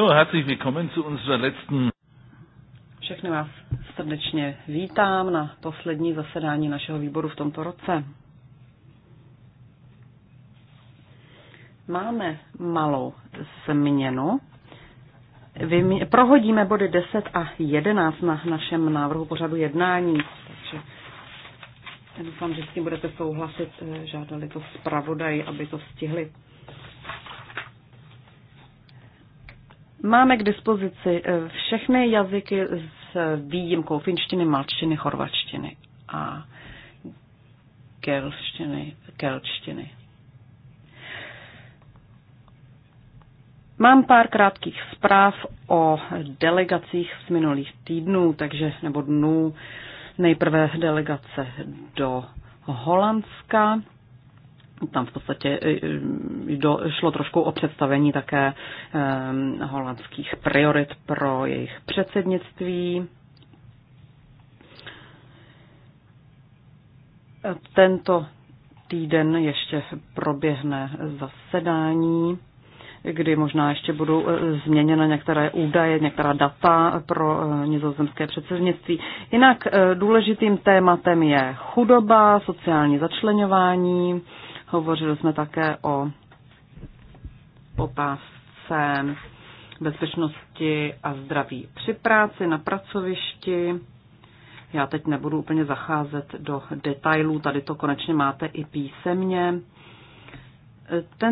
So, herzlich willkommen zu unserer letzten. Všechny vás srdečně vítám na poslední zasedání našeho výboru v tomto roce. Máme malou změnu. Vymě... Prohodíme body 10 a 11 na našem návrhu pořadu jednání. Takže já doufám, že s tím budete souhlasit. Žádali to zpravodaj, aby to stihli Máme k dispozici eh, všechny jazyky s výjimkou finštiny, malčtiny, chorvačtiny a kelštiny, kelčtiny. Mám pár krátkých zpráv o delegacích z minulých týdnů, takže nebo dnů. Nejprve delegace do Holandska tam v podstatě eh, eh, šlo trošku o představení také eh, holandských priorit pro jejich předsednictví. Tento týden ještě proběhne zasedání, kdy možná ještě budou změněna některé údaje, některá data pro nizozemské předsednictví. Jinak důležitým tématem je chudoba, sociální začlenování, Hovořili jsme také o otázce bezpečnosti a zdraví při práci, na pracovišti. Já teď nebudu úplně zacházet do detailů, tady to konečně máte i písemně.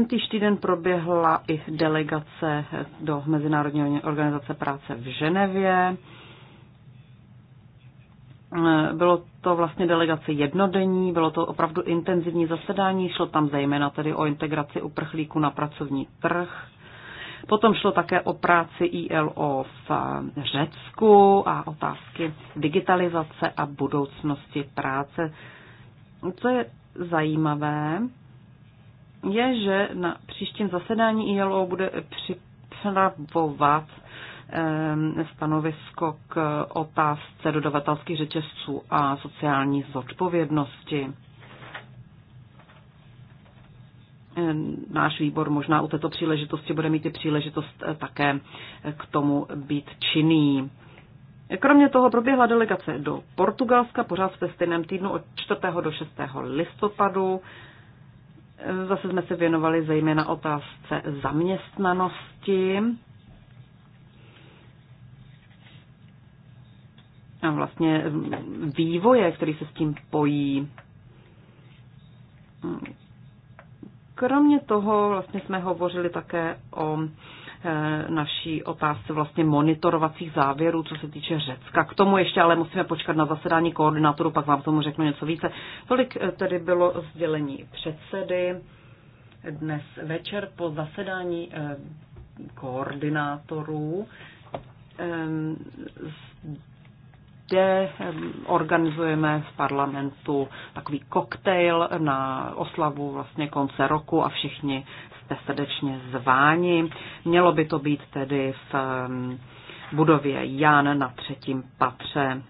týž týden proběhla i delegace do Mezinárodní organizace práce v Ženevě. Eh, bylo to vlastně delegace jednodenní, bylo to opravdu intenzivní zasedání, šlo tam zejména tedy o integraci uprchlíků na pracovní trh. Potom šlo také o práci ILO v Řecku a otázky digitalizace a budoucnosti práce. Co je zajímavé, je, že na příštím zasedání ILO bude připravovat Ehm, stanovisko k otázce dodavatelských řetězců a sociální zodpovědnosti. Ehm, náš výbor možná u této příležitosti bude mít i příležitost eh, také k tomu být činný. Kromě toho proběhla delegace do Portugalska pořád ve stejném týdnu od 4. do 6. listopadu. Ehm, zase jsme se věnovali zejména otázce zaměstnanosti. a vlastně vývoje, který se s tím pojí. Kromě toho vlastně jsme hovořili také o e, naší otázce vlastně monitorovacích závěrů, co se týče Řecka. K tomu ještě ale musíme počkat na zasedání koordinátoru, pak vám k tomu řeknu něco více. Tolik e, tedy bylo sdělení předsedy dnes večer po zasedání e, koordinátorů kde organizujeme v parlamentu takový koktejl na oslavu vlastně konce roku a všichni jste srdečně zváni. Mělo by to být tedy v budově Jan na třetím patře.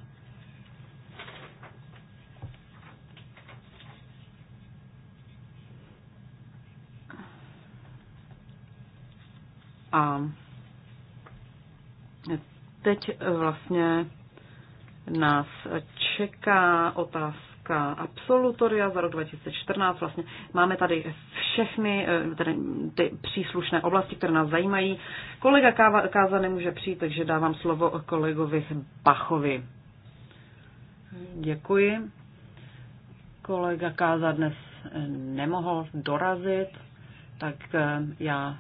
A teď vlastně nás čeká otázka absolutoria za rok 2014. Vlastně máme tady všechny eh, tady ty příslušné oblasti, které nás zajímají. Kolega Káva, Káza nemůže přijít, takže dávám slovo kolegovi Bachovi. Děkuji. Kolega Káza dnes eh, nemohl dorazit, tak eh, já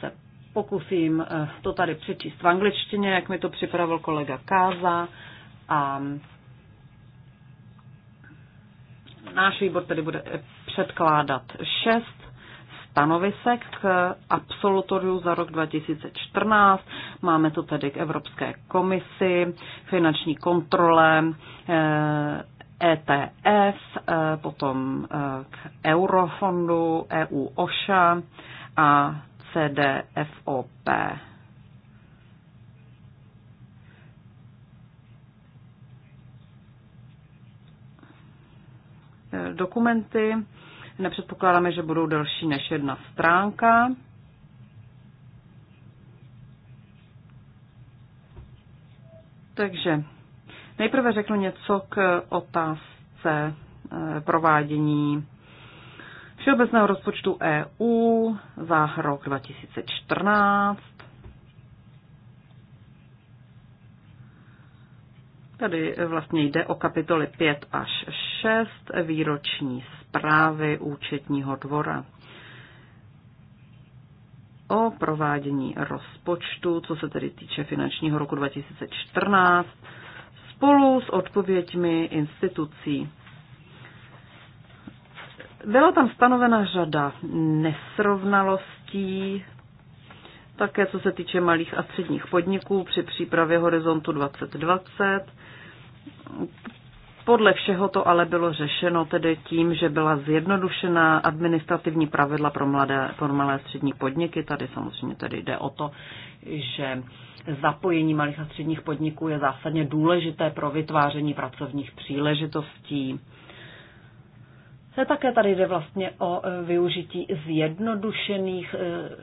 se pokusím to tady přečíst v angličtině, jak mi to připravil kolega Káza. Um, náš výbor tedy bude předkládat šest stanovisek k absolutoriu za rok 2014. Máme to tedy k Evropské komisi, finanční kontrole, ETF, eh, e eh, potom eh, k Eurofondu, EU OŠA a CDFOP. Eh, dokumenty. Nepředpokládáme, že budou delší než jedna stránka. Takže nejprve řeknu něco k otázce eh, provádění Všeobecného rozpočtu EU za rok 2014. Tady vlastně jde o kapitoly 5 až 6 výroční zprávy účetního dvora o provádění rozpočtu, co se tedy týče finančního roku 2014, spolu s odpověďmi institucí. Byla tam stanovena řada nesrovnalostí, také co se týče malých a středních podniků při přípravě Horizontu 2020, podle všeho to ale bylo řešeno tedy tím, že byla zjednodušená administrativní pravidla pro, mladé, pro malé střední podniky. Tady samozřejmě tedy jde o to, že zapojení malých a středních podniků je zásadně důležité pro vytváření pracovních příležitostí také tady jde vlastně o e, využití zjednodušených e,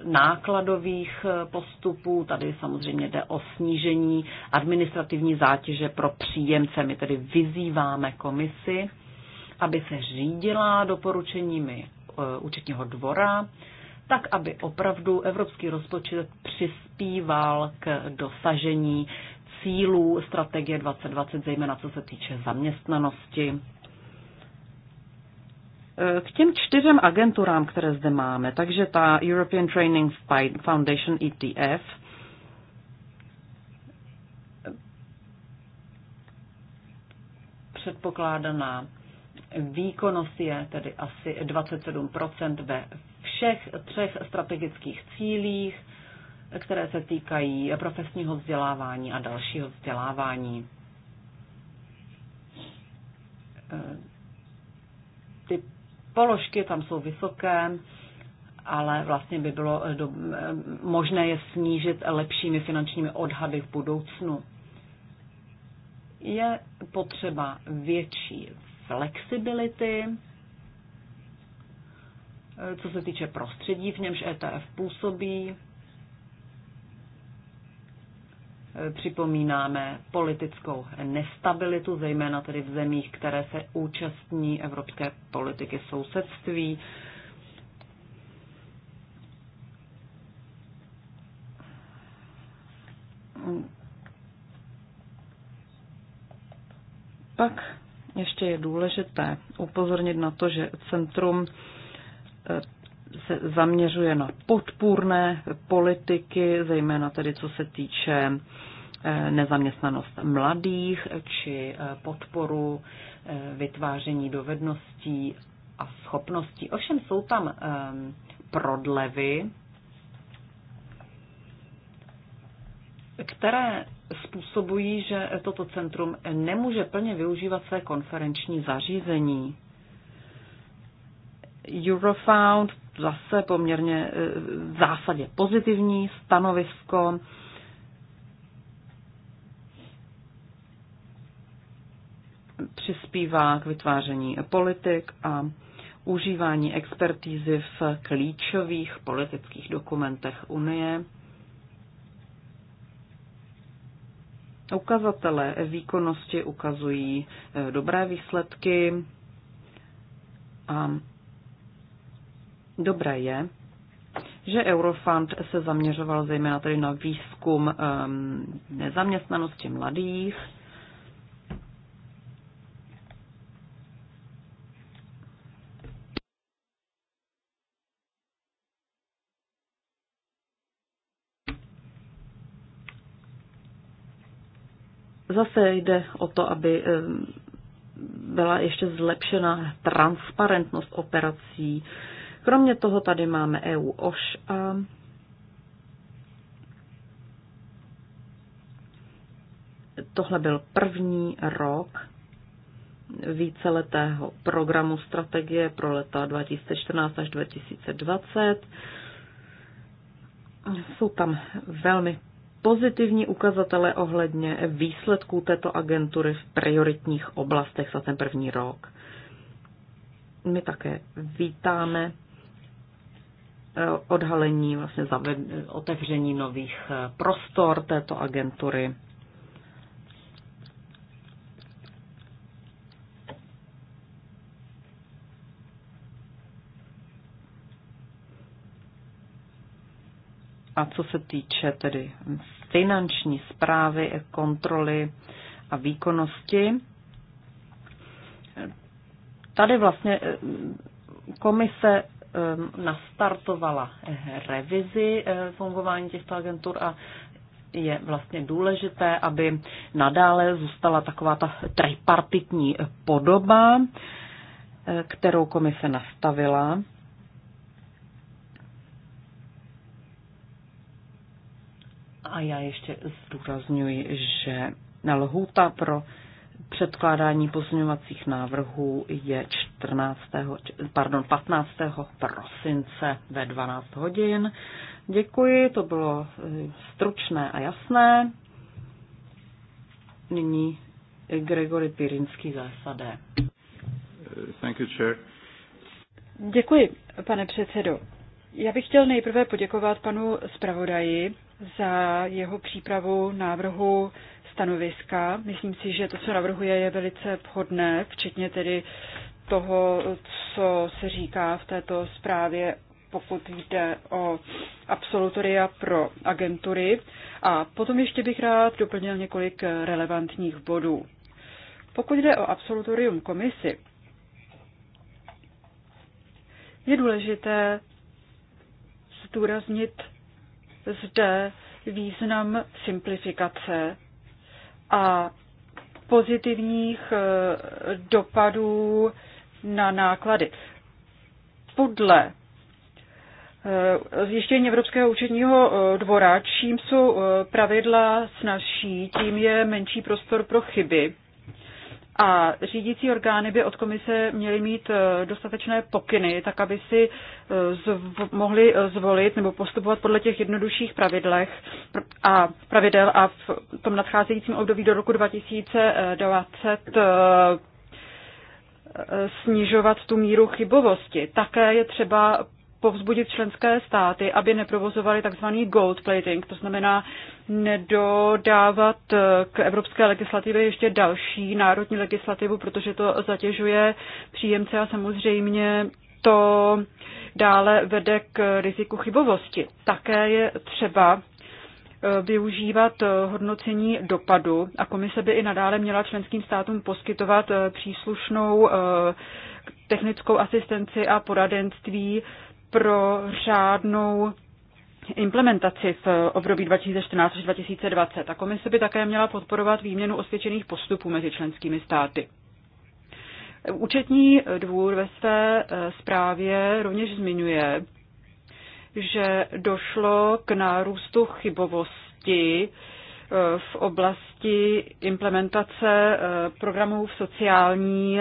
nákladových e, postupů. Tady samozřejmě jde o snížení administrativní zátěže pro příjemce. My tedy vyzýváme komisi, aby se řídila doporučeními účetního dvora, tak aby opravdu evropský rozpočet přispíval k dosažení cílů strategie 2020, zejména co se týče zaměstnanosti k těm čtyřem agenturám, které zde máme, takže ta European Training Foundation ETF, předpokládaná výkonnost je tedy asi 27% ve všech třech strategických cílích, které se týkají profesního vzdělávání a dalšího vzdělávání položky, tam jsou vysoké, ale vlastně by bylo eh, do, eh, možné je snížit lepšími finančními odhady v budoucnu. Je potřeba větší flexibility, eh, co se týče prostředí, v němž ETF působí, připomínáme politickou nestabilitu, zejména tedy v zemích, které se účastní evropské politiky sousedství. Pak ještě je důležité upozornit na to, že Centrum se zaměřuje na podpůrné politiky, zejména tedy co se týče eh, nezaměstnanost mladých či eh, podporu eh, vytváření dovedností a schopností. Ovšem jsou tam ehm, prodlevy, které způsobují, že toto centrum nemůže plně využívat své konferenční zařízení. Eurofound zase poměrně e, v zásadě pozitivní stanovisko. Přispívá k vytváření politik a užívání expertízy v klíčových politických dokumentech Unie. Ukazatele výkonnosti ukazují e, dobré výsledky a Dobré je, že Eurofund se zaměřoval zejména tedy na výzkum um, nezaměstnanosti mladých. Zase jde o to, aby ehm, byla ještě zlepšena transparentnost operací, Kromě toho tady máme EU OŠ a tohle byl první rok víceletého programu strategie pro leta 2014 až 2020. Jsou tam velmi pozitivní ukazatele ohledně výsledků této agentury v prioritních oblastech za ten první rok. My také vítáme Eh, odhalení, vlastně zaved, otevření nových eh, prostor této agentury. A co se týče tedy finanční zprávy, kontroly a výkonnosti, eh, tady vlastně komise Ehm, nastartovala eh, revizi eh, fungování těchto agentur a je vlastně důležité, aby nadále zůstala taková ta tripartitní podoba, eh, kterou komise nastavila. A já ještě zdůrazňuji, že na lhůta pro Předkládání pozměňovacích návrhů je 14. Pardon, 15. prosince ve 12 hodin. Děkuji, to bylo eh, stručné a jasné. Nyní Gregory Pirinský za SAD. Thank you, chair. Děkuji, pane předsedo. Já bych chtěl nejprve poděkovat panu zpravodaji za jeho přípravu návrhu stanoviska. Myslím si, že to, co navrhuje, je velice vhodné, včetně tedy toho, co se říká v této zprávě, pokud jde o absolutoria pro agentury. A potom ještě bych rád doplnil několik relevantních bodů. Pokud jde o absolutorium komisi, je důležité zdůraznit zde význam simplifikace a pozitivních eh, dopadů na náklady. Podle eh, zjištění Evropského účetního eh, dvora, čím jsou pravidla snažší, tím je menší prostor pro chyby a řídící orgány by od komise měly mít e, dostatečné pokyny, tak aby si e, zv- mohli e, zvolit nebo postupovat podle těch jednodušších pravidlech a pravidel a v tom nadcházejícím období do roku 2020 snižovat tu míru chybovosti. Také je třeba povzbudit členské státy, aby neprovozovali tzv. gold plating, to znamená nedodávat eh, k evropské legislativě ještě další národní legislativu, protože to zatěžuje příjemce a samozřejmě to dále vede k riziku chybovosti. Také je třeba eh, využívat eh, hodnocení dopadu a komise by i nadále měla členským státům poskytovat příslušnou technickou asistenci a poradenství pro řádnou implementaci v období 2014 až 2020 a komise by také měla podporovat výměnu osvědčených postupů mezi členskými státy. Účetní dvůr ve své eh, zprávě rovněž zmiňuje, že došlo k nárůstu chybovosti eh, v oblasti implementace eh, programů v sociální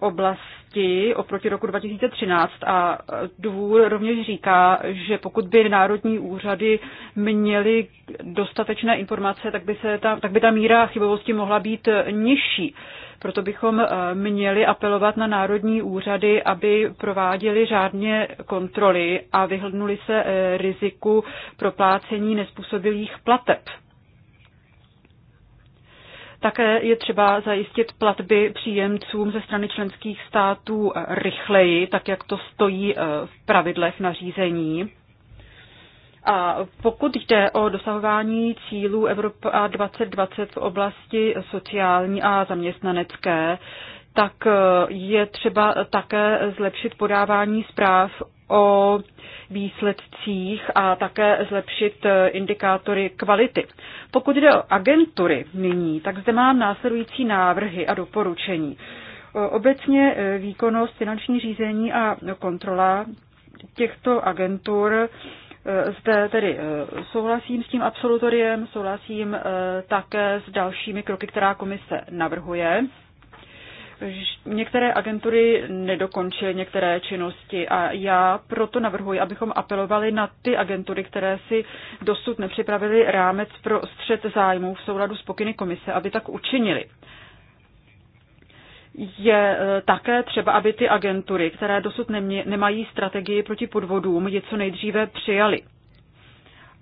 oblasti oblasti oproti roku 2013 a důvod rovněž říká, že pokud by národní úřady měly dostatečné informace, tak by, se ta, tak by ta míra chybovosti mohla být nižší. Proto bychom eh, měli apelovat na národní úřady, aby prováděli řádně kontroly a vyhlednuli se eh, riziku proplácení nespůsobilých plateb. Také je třeba zajistit platby příjemcům ze strany členských států rychleji, tak jak to stojí eh, v pravidlech nařízení. A pokud jde o dosahování cílů Evropa 2020 v oblasti sociální a zaměstnanecké, tak eh, je třeba také zlepšit podávání zpráv o výsledcích a také zlepšit eh, indikátory kvality. Pokud jde o agentury nyní, tak zde mám následující návrhy a doporučení. Obecně eh, výkonnost, finanční řízení a kontrola těchto agentur eh, zde tedy souhlasím s tím absolutoriem, souhlasím také s dalšími kroky, která komise navrhuje některé agentury nedokončily některé činnosti a já proto navrhuji, abychom apelovali na ty agentury, které si dosud nepřipravili rámec pro střed zájmů v souladu s pokyny komise, aby tak učinili je e, také třeba, aby ty agentury, které dosud nemají strategii proti podvodům, je co nejdříve přijali.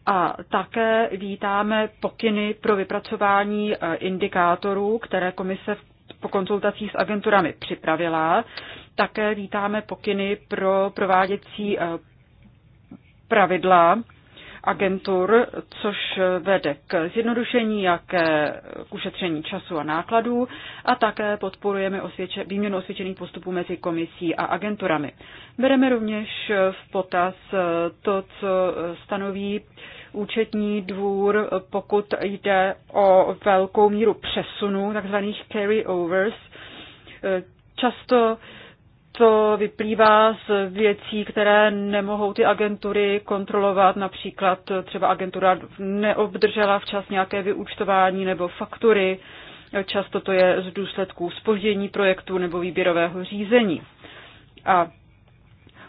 A také vítáme pokyny pro vypracování e, indikátorů, které komise v po konzultacích s agenturami připravila. Také vítáme pokyny pro prováděcí eh, pravidla agentur, což vede k zjednodušení a eh, k ušetření času a nákladů a také podporujeme osvědče, výměnu osvědčených postupů mezi komisí a agenturami. Bereme rovněž v potaz eh, to, co stanoví účetní dvůr, pokud jde o velkou míru přesunu, takzvaných carryovers. Často to vyplývá z věcí, které nemohou ty agentury kontrolovat, například třeba agentura neobdržela včas nějaké vyúčtování nebo faktury, často to je z důsledků spoždění projektu nebo výběrového řízení. A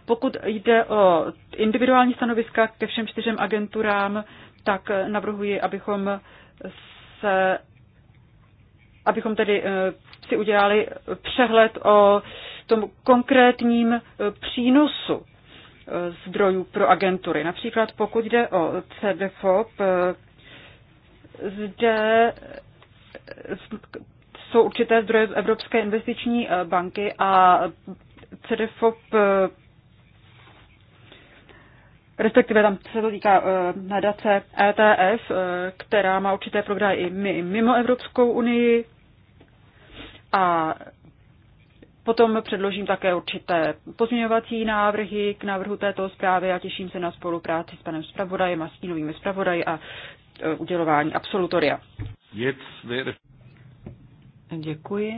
pokud jde o individuální stanoviska ke všem čtyřem agenturám, tak navrhuji, abychom se abychom tedy eh, si udělali přehled o tom konkrétním eh, přínosu eh, zdrojů pro agentury. Například pokud jde o CDFOP, zde jsou určité zdroje z Evropské investiční banky a CDFOP respektive tam se to týká uh, nadace ETF, uh, eh, která má určité programy i my, mimo Evropskou unii. A potom předložím také určité pozměňovací návrhy k návrhu této zprávy a těším se na spolupráci s panem zpravodajem a stínovými zpravodaji a uh, udělování absolutoria. Děkuji.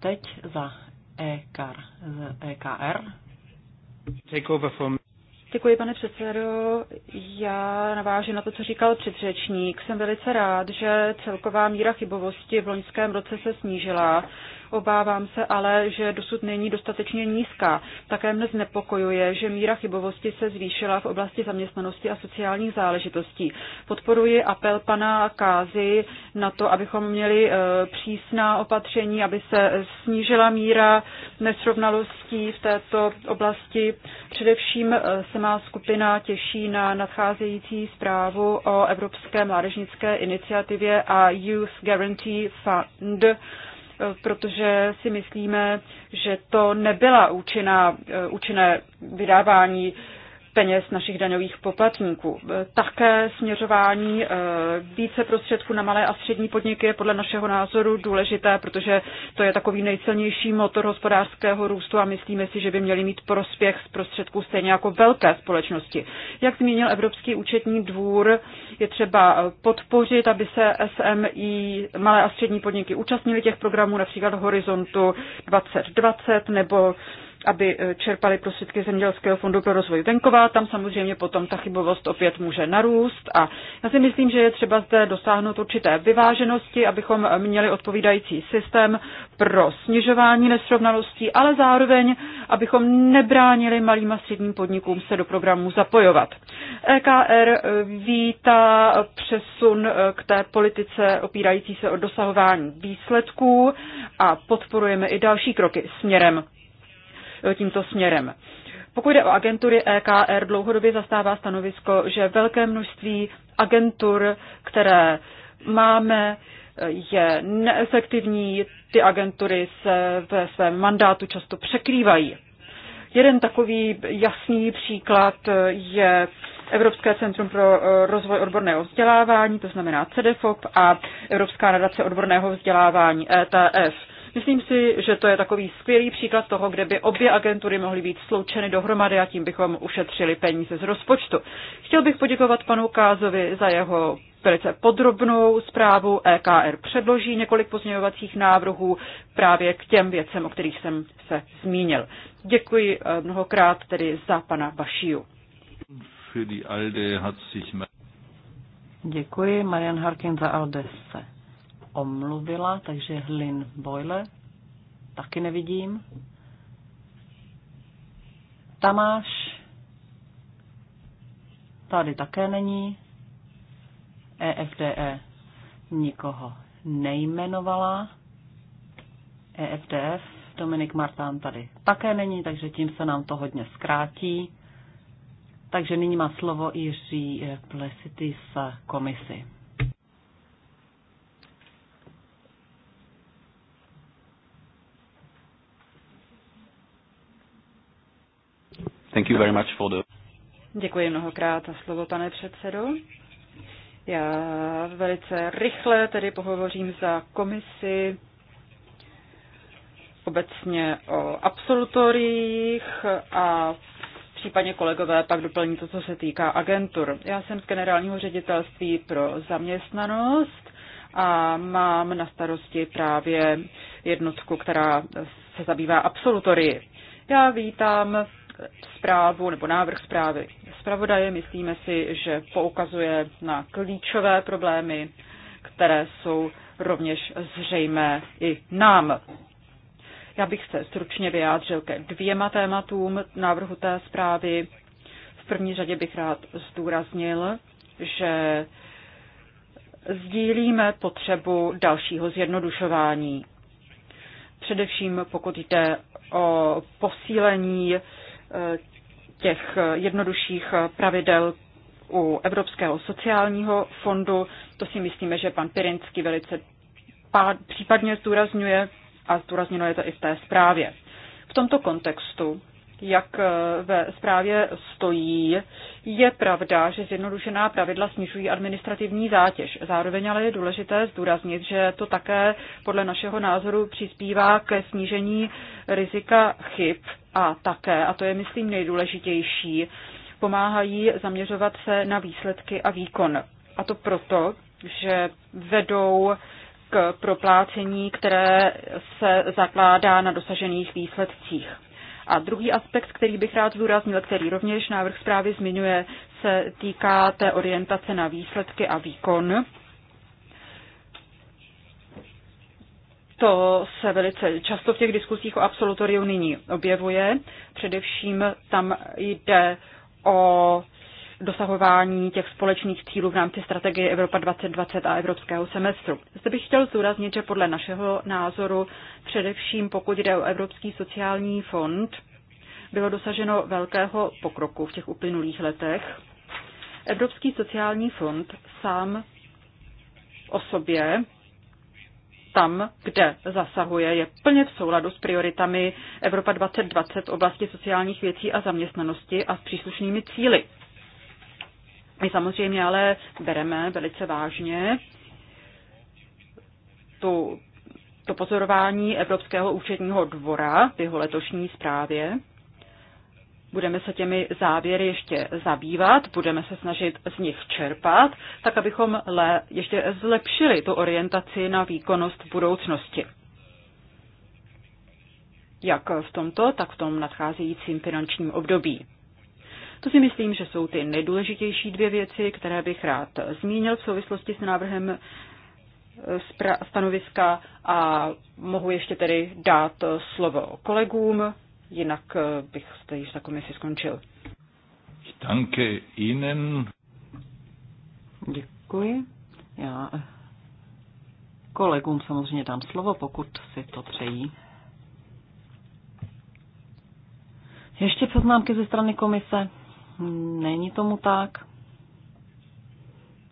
Teď za EKR. Z EKR. Take over from Děkuji, pane předsedo. Já navážu na to, co říkal předřečník. Jsem velice rád, že celková míra chybovosti v loňském roce se snížila, Obávám se ale, že dosud není dostatečně nízká. Také mne znepokojuje, že míra chybovosti se zvýšila v oblasti zaměstnanosti a sociálních záležitostí. Podporuji apel pana Kázy na to, abychom měli e, přísná opatření, aby se snížila míra nesrovnalostí v této oblasti. Především e, se má skupina těší na nadcházející zprávu o Evropské mládežnické iniciativě a Youth Guarantee Fund protože si myslíme, že to nebyla účinná, účinné vydávání peněz našich daňových poplatníků. E, také směřování e, více prostředků na malé a střední podniky je podle našeho názoru důležité, protože to je takový nejsilnější motor hospodářského růstu a myslíme si, že by měli mít prospěch z prostředků stejně jako velké společnosti. Jak zmínil Evropský účetní dvůr, je třeba podpořit, aby se SMI, malé a střední podniky účastnili těch programů, například Horizontu 2020 nebo aby e, čerpali prostředky Zemědělského fondu pro rozvoj venkova. Tam samozřejmě potom ta chybovost opět může narůst a já si myslím, že je třeba zde dosáhnout určité vyváženosti, abychom měli odpovídající systém pro snižování nesrovnalostí, ale zároveň, abychom nebránili malým a středním podnikům se do programu zapojovat. EKR e, vítá přesun e, k té politice opírající se o dosahování výsledků a podporujeme i další kroky směrem tímto směrem. Pokud jde o agentury, EKR dlouhodobě zastává stanovisko, že velké množství agentur, které máme, je neefektivní, ty agentury se ve svém mandátu často překrývají. Jeden takový jasný příklad je Evropské centrum pro eh, rozvoj odborného vzdělávání, to znamená CEDEFOP a Evropská nadace odborného vzdělávání ETF. Myslím si, že to je takový skvělý příklad toho, kde by obě agentury mohly být sloučeny dohromady a tím bychom ušetřili peníze z rozpočtu. Chtěl bych poděkovat panu Kázovi za jeho velice podrobnou zprávu. EKR předloží několik pozměňovacích návrhů právě k těm věcem, o kterých jsem se zmínil. Děkuji eh, mnohokrát tedy za pana Bašiu. Děkuji, Marian Harkin za Aldese omluvila, takže Lynn Boyle taky nevidím. Tamáš tady také není. EFDE e nikoho nejmenovala. EFDF Dominik Martán tady také není, takže tím se nám to hodně zkrátí. Takže nyní má slovo Jiří Plesity z komisy. Thank you very much for the... Děkuji mnohokrát za slovo, pane předsedo. Já velice rychle tedy pohovořím za komisi obecně o absolutoriích a případně kolegové pak doplní to, co se týká agentur. Já jsem z generálního ředitelství pro zaměstnanost a mám na starosti právě jednotku, která se zabývá absolutorii. Já vítám zprávu nebo návrh zprávy zpravodaje. Myslíme si, že poukazuje na klíčové problémy, které jsou rovněž zřejmé i nám. Já bych se stručně vyjádřil ke dvěma tématům návrhu té zprávy. V první řadě bych rád zdůraznil, že sdílíme potřebu dalšího zjednodušování. Především pokud jde o posílení těch jednodušších pravidel u Evropského sociálního fondu. To si myslíme, že pan Pirinsky velice případně zdůrazňuje a zdůrazněno je to i v té zprávě. V tomto kontextu jak eh, ve zprávě stojí, je pravda, že zjednodušená pravidla snižují administrativní zátěž. Zároveň ale je důležité zdůraznit, že to také podle našeho názoru přispívá ke snížení rizika chyb a také, a to je myslím nejdůležitější, pomáhají zaměřovat se na výsledky a výkon. A to proto, že vedou k proplácení, které se zakládá na dosažených výsledcích. A druhý aspekt, který bych rád zdůraznil, který rovněž návrh zprávy zmiňuje, se týká té orientace na výsledky a výkon. To se velice často v těch diskusích o absolutoriu nyní objevuje. Především tam jde o dosahování těch společných cílů v rámci strategie Evropa 2020 a evropského semestru. Zde bych chtěl zdůraznit, že podle našeho názoru, především pokud jde o Evropský sociální fond, bylo dosaženo velkého pokroku v těch uplynulých letech. Evropský sociální fond sám o sobě tam, kde zasahuje, je plně v souladu s prioritami Evropa 2020 v oblasti sociálních věcí a zaměstnanosti a s příslušnými cíly my samozřejmě ale bereme velice vážně tu, to pozorování Evropského účetního dvora v jeho letošní zprávě. Budeme se těmi závěry ještě zabývat, budeme se snažit z nich čerpat, tak abychom le, ještě zlepšili tu orientaci na výkonnost v budoucnosti. Jak v tomto, tak v tom nadcházejícím finančním období. To si myslím, že jsou ty nejdůležitější dvě věci, které bych rád zmínil v souvislosti s návrhem eh, stanoviska a mohu ještě tedy dát eh, slovo kolegům, jinak eh, bych zde již za komisi skončil. Danke Ihnen. Děkuji. Já kolegům samozřejmě dám slovo, pokud si to přejí. Ještě poznámky ze strany komise. Není tomu tak.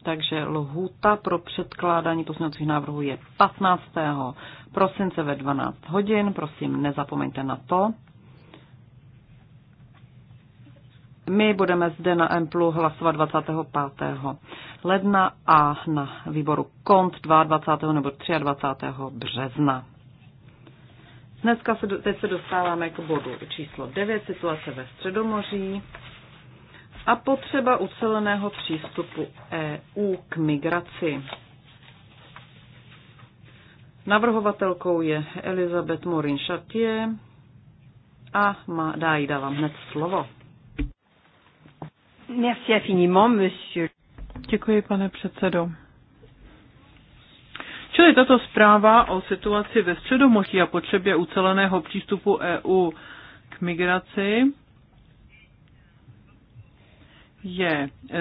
Takže lhůta pro předkládání pozměňovacích návrhů je 15. prosince ve 12 hodin. Prosím, nezapomeňte na to. My budeme zde na Emplu hlasovat 25. ledna a na výboru KONT 22. nebo 23. března. Dneska se, teď se dostáváme k bodu číslo 9, situace ve Středomoří a potřeba uceleného přístupu EU k migraci. Navrhovatelkou je Elizabeth Morin Chartier a má, dá jí dávám hned slovo. Merci infiniment, monsieur. Děkuji, pane předsedo. Čili tato zpráva o situaci ve Středomoří a potřebě uceleného přístupu EU k migraci je e,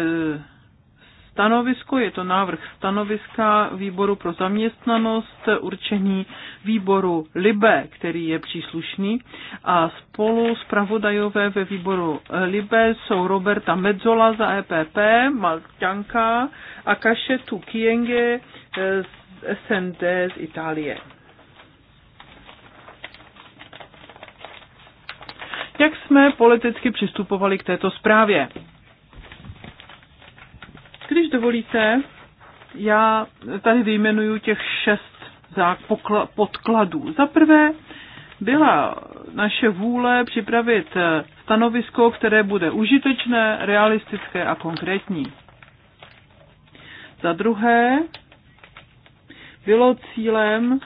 stanovisko, je to návrh stanoviska výboru pro zaměstnanost určený výboru LIBE, který je příslušný a spolu zpravodajové ve výboru LIBE jsou Roberta Medzola za EPP, Malťanka a Kašetu Kienge e, z SND z Itálie. Jak jsme politicky přistupovali k této zprávě? Když dovolíte, já tady vyjmenuju těch šest podkladů. Za prvé byla naše vůle připravit eh, stanovisko, které bude užitečné, realistické a konkrétní. Za druhé bylo cílem,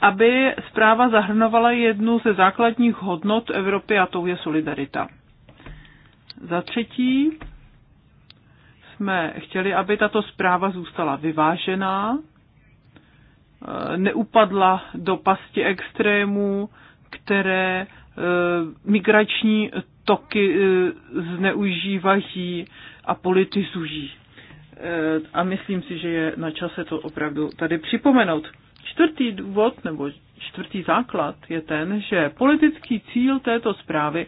aby zpráva zahrnovala jednu ze základních hodnot Evropy a tou je solidarita. Za třetí jsme chtěli, aby tato zpráva zůstala vyvážená, eh, neupadla do pasti extrémů, které eh, migrační toky eh, zneužívají a politizují. A myslím si, že je na čase to opravdu tady připomenout. Čtvrtý důvod nebo čtvrtý základ je ten, že politický cíl této zprávy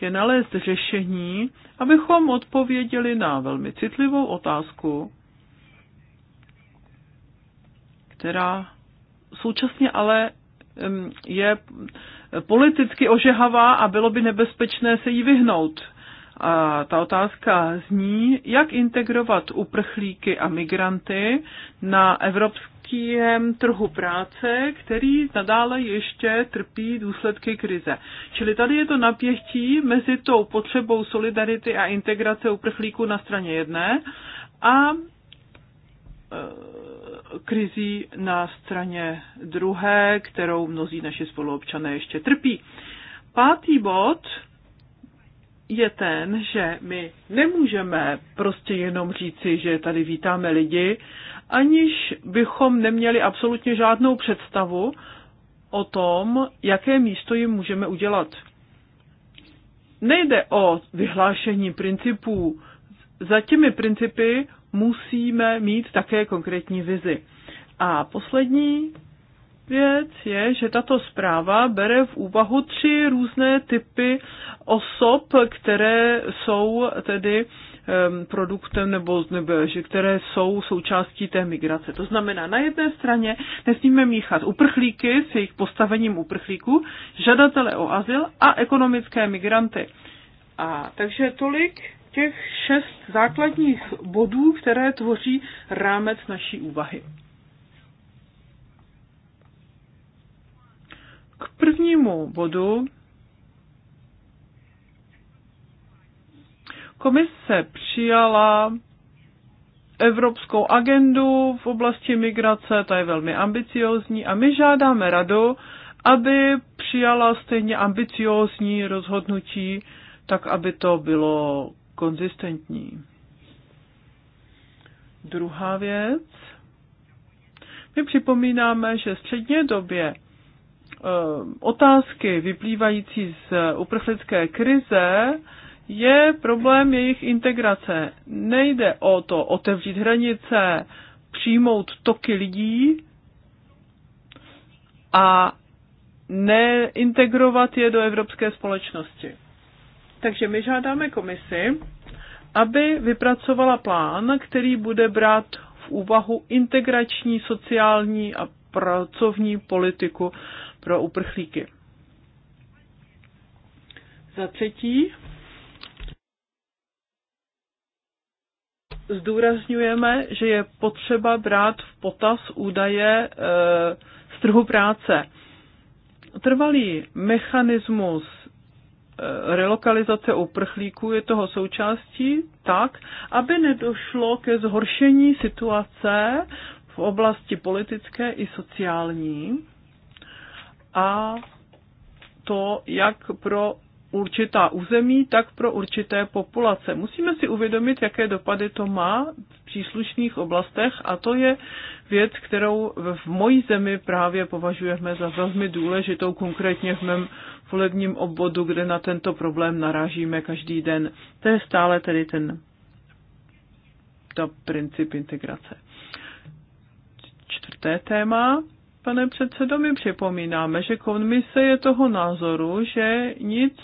je nalézt řešení, abychom odpověděli na velmi citlivou otázku, která současně ale je politicky ožehavá a bylo by nebezpečné se jí vyhnout. A ta otázka zní, jak integrovat uprchlíky a migranty na evropské rozbitím trhu práce, který nadále ještě trpí důsledky krize. Čili tady je to napětí mezi tou potřebou solidarity a integrace uprchlíků na straně jedné a e, krizí na straně druhé, kterou mnozí naši spoluobčané ještě trpí. Pátý bod je ten, že my nemůžeme prostě jenom říci, že tady vítáme lidi, aniž bychom neměli absolutně žádnou představu o tom, jaké místo jim můžeme udělat. Nejde o vyhlášení principů. Za těmi principy musíme mít také konkrétní vizi. A poslední věc je, že tato zpráva bere v úvahu tři různé typy osob, které jsou tedy produktem nebo, nebo že, které jsou součástí té migrace. To znamená, na jedné straně nesmíme míchat uprchlíky s jejich postavením uprchlíků, žadatele o azyl a ekonomické migranty. A takže tolik těch šest základních bodů, které tvoří rámec naší úvahy. K prvnímu bodu komise přijala evropskou agendu v oblasti migrace, ta je velmi ambiciózní, a my žádáme radu, aby přijala stejně ambiciózní rozhodnutí, tak aby to bylo konzistentní. Druhá věc. My připomínáme, že středně době Eh, otázky vyplývající z uprchlické krize je problém jejich integrace. Nejde o to otevřít hranice, přijmout toky lidí a neintegrovat je do evropské společnosti. Takže my žádáme komisi, aby vypracovala plán, který bude brát v úvahu integrační, sociální a pracovní politiku pro uprchlíky. Za třetí, zdůrazňujeme, že je potřeba brát v potaz údaje eh, z trhu práce. Trvalý mechanismus eh, relokalizace uprchlíků je toho součástí tak, aby nedošlo ke zhoršení situace v oblasti politické i sociální a to jak pro určitá území, tak pro určité populace. Musíme si uvědomit, jaké dopady to má v příslušných oblastech a to je věc, kterou v mojí zemi právě považujeme za velmi důležitou, konkrétně v mém volebním obvodu, kde na tento problém narážíme každý den. To je stále tedy ten to princip integrace. Čtvrté téma Pane předsedo, my připomínáme, že komise je toho názoru, že nic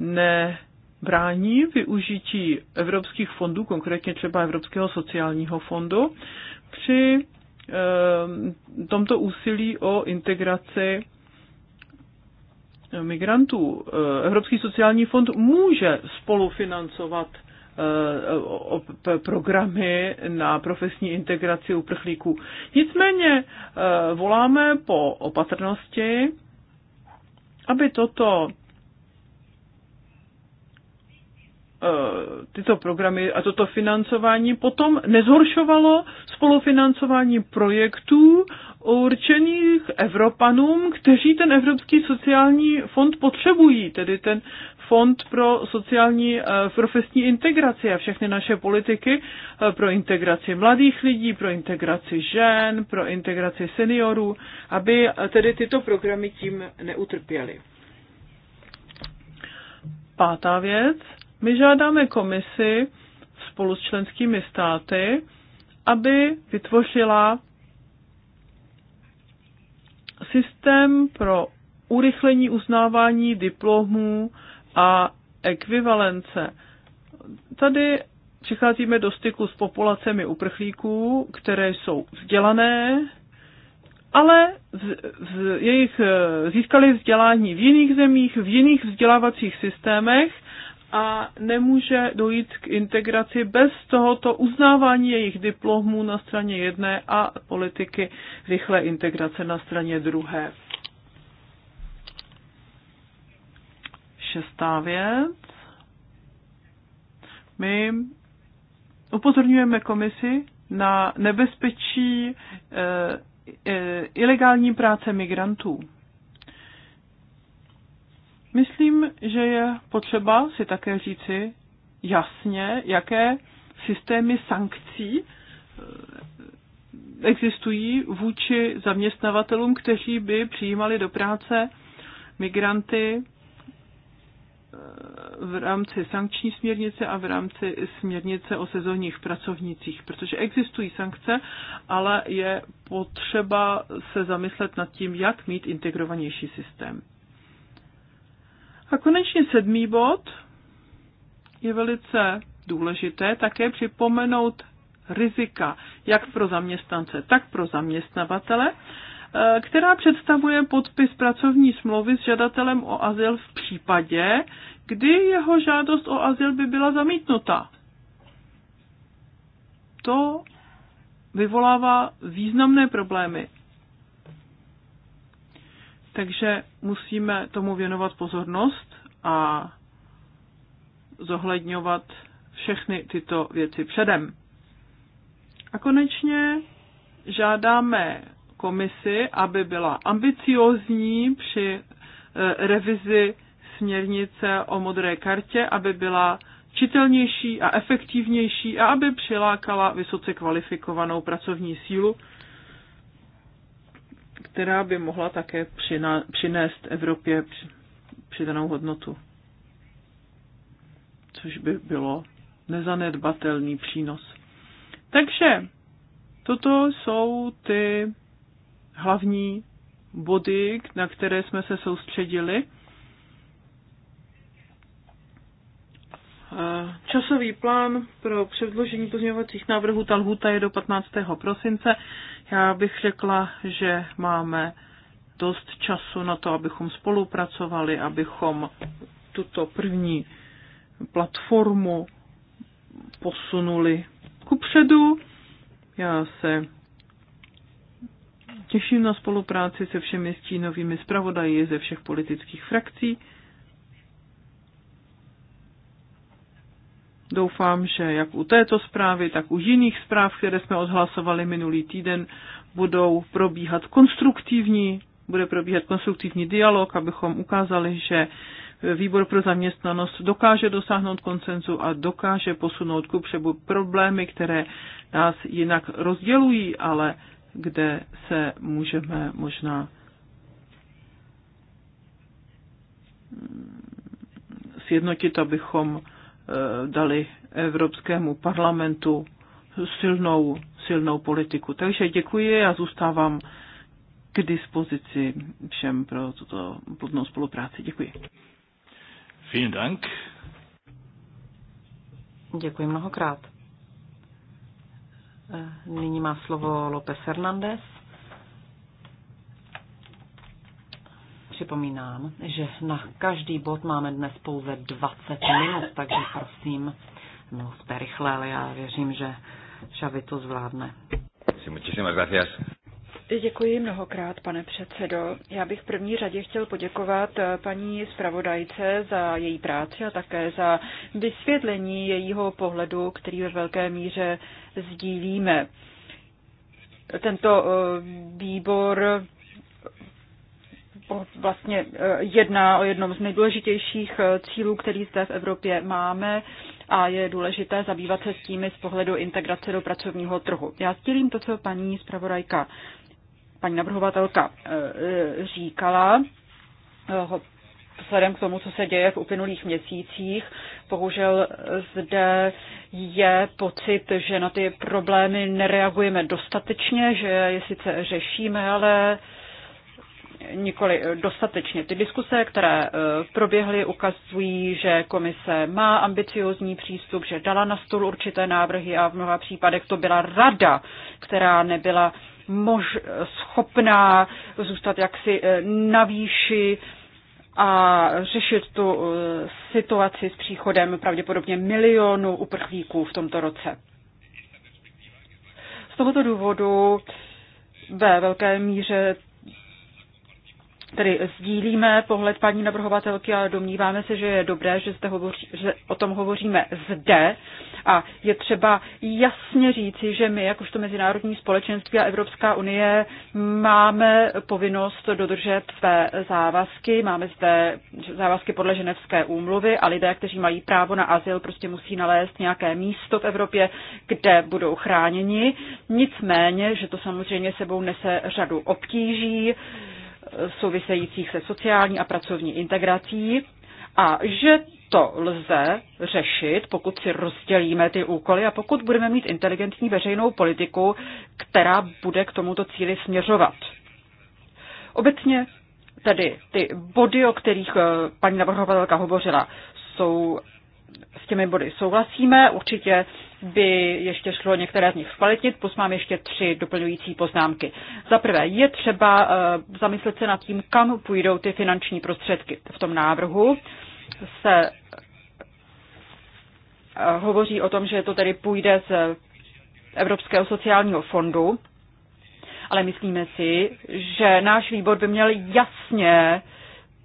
nebrání využití evropských fondů, konkrétně třeba Evropského sociálního fondu, při e, tomto úsilí o integraci migrantů. Eh, Evropský sociální fond může spolufinancovat Eh, programy na profesní integraci uprchlíků. Nicméně eh, voláme po opatrnosti, aby toto eh, tyto programy a toto financování potom nezhoršovalo spolufinancování projektů určených Evropanům, kteří ten Evropský sociální fond potřebují, tedy ten Fond pro sociální eh, profesní integraci a všechny naše politiky eh, pro integraci mladých lidí, pro integraci žen, pro integraci seniorů, aby eh, tedy tyto programy tím neutrpěly. Pátá věc. My žádáme komisi spolu s členskými státy, aby vytvořila systém pro urychlení uznávání diplomů a ekvivalence. Tady přicházíme do styku s populacemi uprchlíků, které jsou vzdělané, ale z, z jejich eh, získali vzdělání v jiných zemích, v jiných vzdělávacích systémech a nemůže dojít k integraci bez tohoto uznávání jejich diplomů na straně jedné a politiky rychlé integrace na straně druhé. Šestá věc. My upozorňujeme komisi na nebezpečí eh, eh, ilegální práce migrantů. Myslím, že je potřeba si také říci jasně, jaké systémy sankcí eh, existují vůči zaměstnavatelům, kteří by přijímali do práce migranty v rámci sankční směrnice a v rámci směrnice o sezónních pracovnicích, protože existují sankce, ale je potřeba se zamyslet nad tím, jak mít integrovanější systém. A konečně sedmý bod je velice důležité také připomenout rizika jak pro zaměstnance, tak pro zaměstnavatele Eh, která představuje podpis pracovní smlouvy s žadatelem o azyl v případě, kdy jeho žádost o azyl by byla zamítnuta. To vyvolává významné problémy. Takže musíme tomu věnovat pozornost a zohledňovat všechny tyto věci předem. A konečně žádáme komisi, aby byla ambiciózní při eh, revizi směrnice o modré kartě, aby byla čitelnější a efektivnější a aby přilákala vysoce kvalifikovanou pracovní sílu, která by mohla také přinést Evropě přidanou hodnotu, což by bylo nezanedbatelný přínos. Takže toto jsou ty hlavní body, na které jsme se soustředili. Eh, časový plán pro předložení pozměňovacích návrhů, ta lhuta je do 15. prosince. Já bych řekla, že máme dost času na to, abychom spolupracovali, abychom tuto první platformu posunuli kupředu. Já se Těším na spolupráci se všemi stínovými zpravodaji ze všech politických frakcí. Doufám, že jak u této zprávy, tak u jiných zpráv, které jsme odhlasovali minulý týden, budou probíhat konstruktivní, bude probíhat konstruktivní dialog, abychom ukázali, že výbor pro zaměstnanost dokáže dosáhnout koncenzu a dokáže posunout ku problémy, které nás jinak rozdělují, ale kde se můžeme možná mm, sjednotit, abychom eh, dali Evropskému parlamentu silnou, silnou politiku. Takže děkuji a zůstávám k dispozici všem pro tuto plodnou spolupráci. Děkuji. Vielen Dank. Děkuji mnohokrát. Eh, nyní má slovo López Hernández. Připomínám, že na každý bod máme dnes pouze 20 minut, takže prosím, mluvte rychle, ale já věřím, že Šavi to zvládne. Sí, muchísimas gracias. Děkuji mnohokrát, pane předsedo. Já bych v první řadě chtěl poděkovat eh, paní zpravodajce za její práci a také za vysvětlení jejího pohledu, který ve velké míře sdílíme. Tento eh, výbor eh, vlastně jedná o jednom z nejdůležitějších cílů, který zde v Evropě máme a je důležité zabývat se s tím z pohledu integrace do pracovního trhu. Já sdělím to, co paní zpravodajka paní navrhovatelka eh, eh, říkala, eh, vzhledem k tomu, co se děje v uplynulých měsících. Bohužel zde je pocit, že na ty problémy nereagujeme dostatečně, že je sice řešíme, ale nikoli dostatečně. Ty diskuse, které proběhly, ukazují, že komise má ambiciozní přístup, že dala na stůl určité návrhy a v mnoha případech to byla rada, která nebyla mož, schopná zůstat jaksi eh, na výši a řešit tu eh, situaci s příchodem pravděpodobně milionů uprchlíků v tomto roce. Z tohoto důvodu ve velké míře Tedy sdílíme pohled paní navrhovatelky a domníváme se, že je dobré, že, zde hovoří, že o tom hovoříme zde a je třeba jasně říci, že my, jakožto mezinárodní společenství a Evropská unie, máme povinnost dodržet své závazky, máme zde závazky podle Ženevské úmluvy a lidé, kteří mají právo na azyl, prostě musí nalézt nějaké místo v Evropě, kde budou chráněni. Nicméně, že to samozřejmě sebou nese řadu obtíží, souvisejících se sociální a pracovní integrací a že to lze řešit, pokud si rozdělíme ty úkoly a pokud budeme mít inteligentní veřejnou politiku, která bude k tomuto cíli směřovat. Obecně tedy ty body, o kterých eh, paní navrhovatelka hovořila, jsou s těmi body souhlasíme. Určitě by ještě šlo některé z nich zkvalitnit, plus mám ještě tři doplňující poznámky. Za prvé, je třeba eh, zamyslet se nad tím, kam půjdou ty finanční prostředky. V tom návrhu se eh, hovoří o tom, že to tedy půjde z Evropského sociálního fondu, ale myslíme si, že náš výbor by měl jasně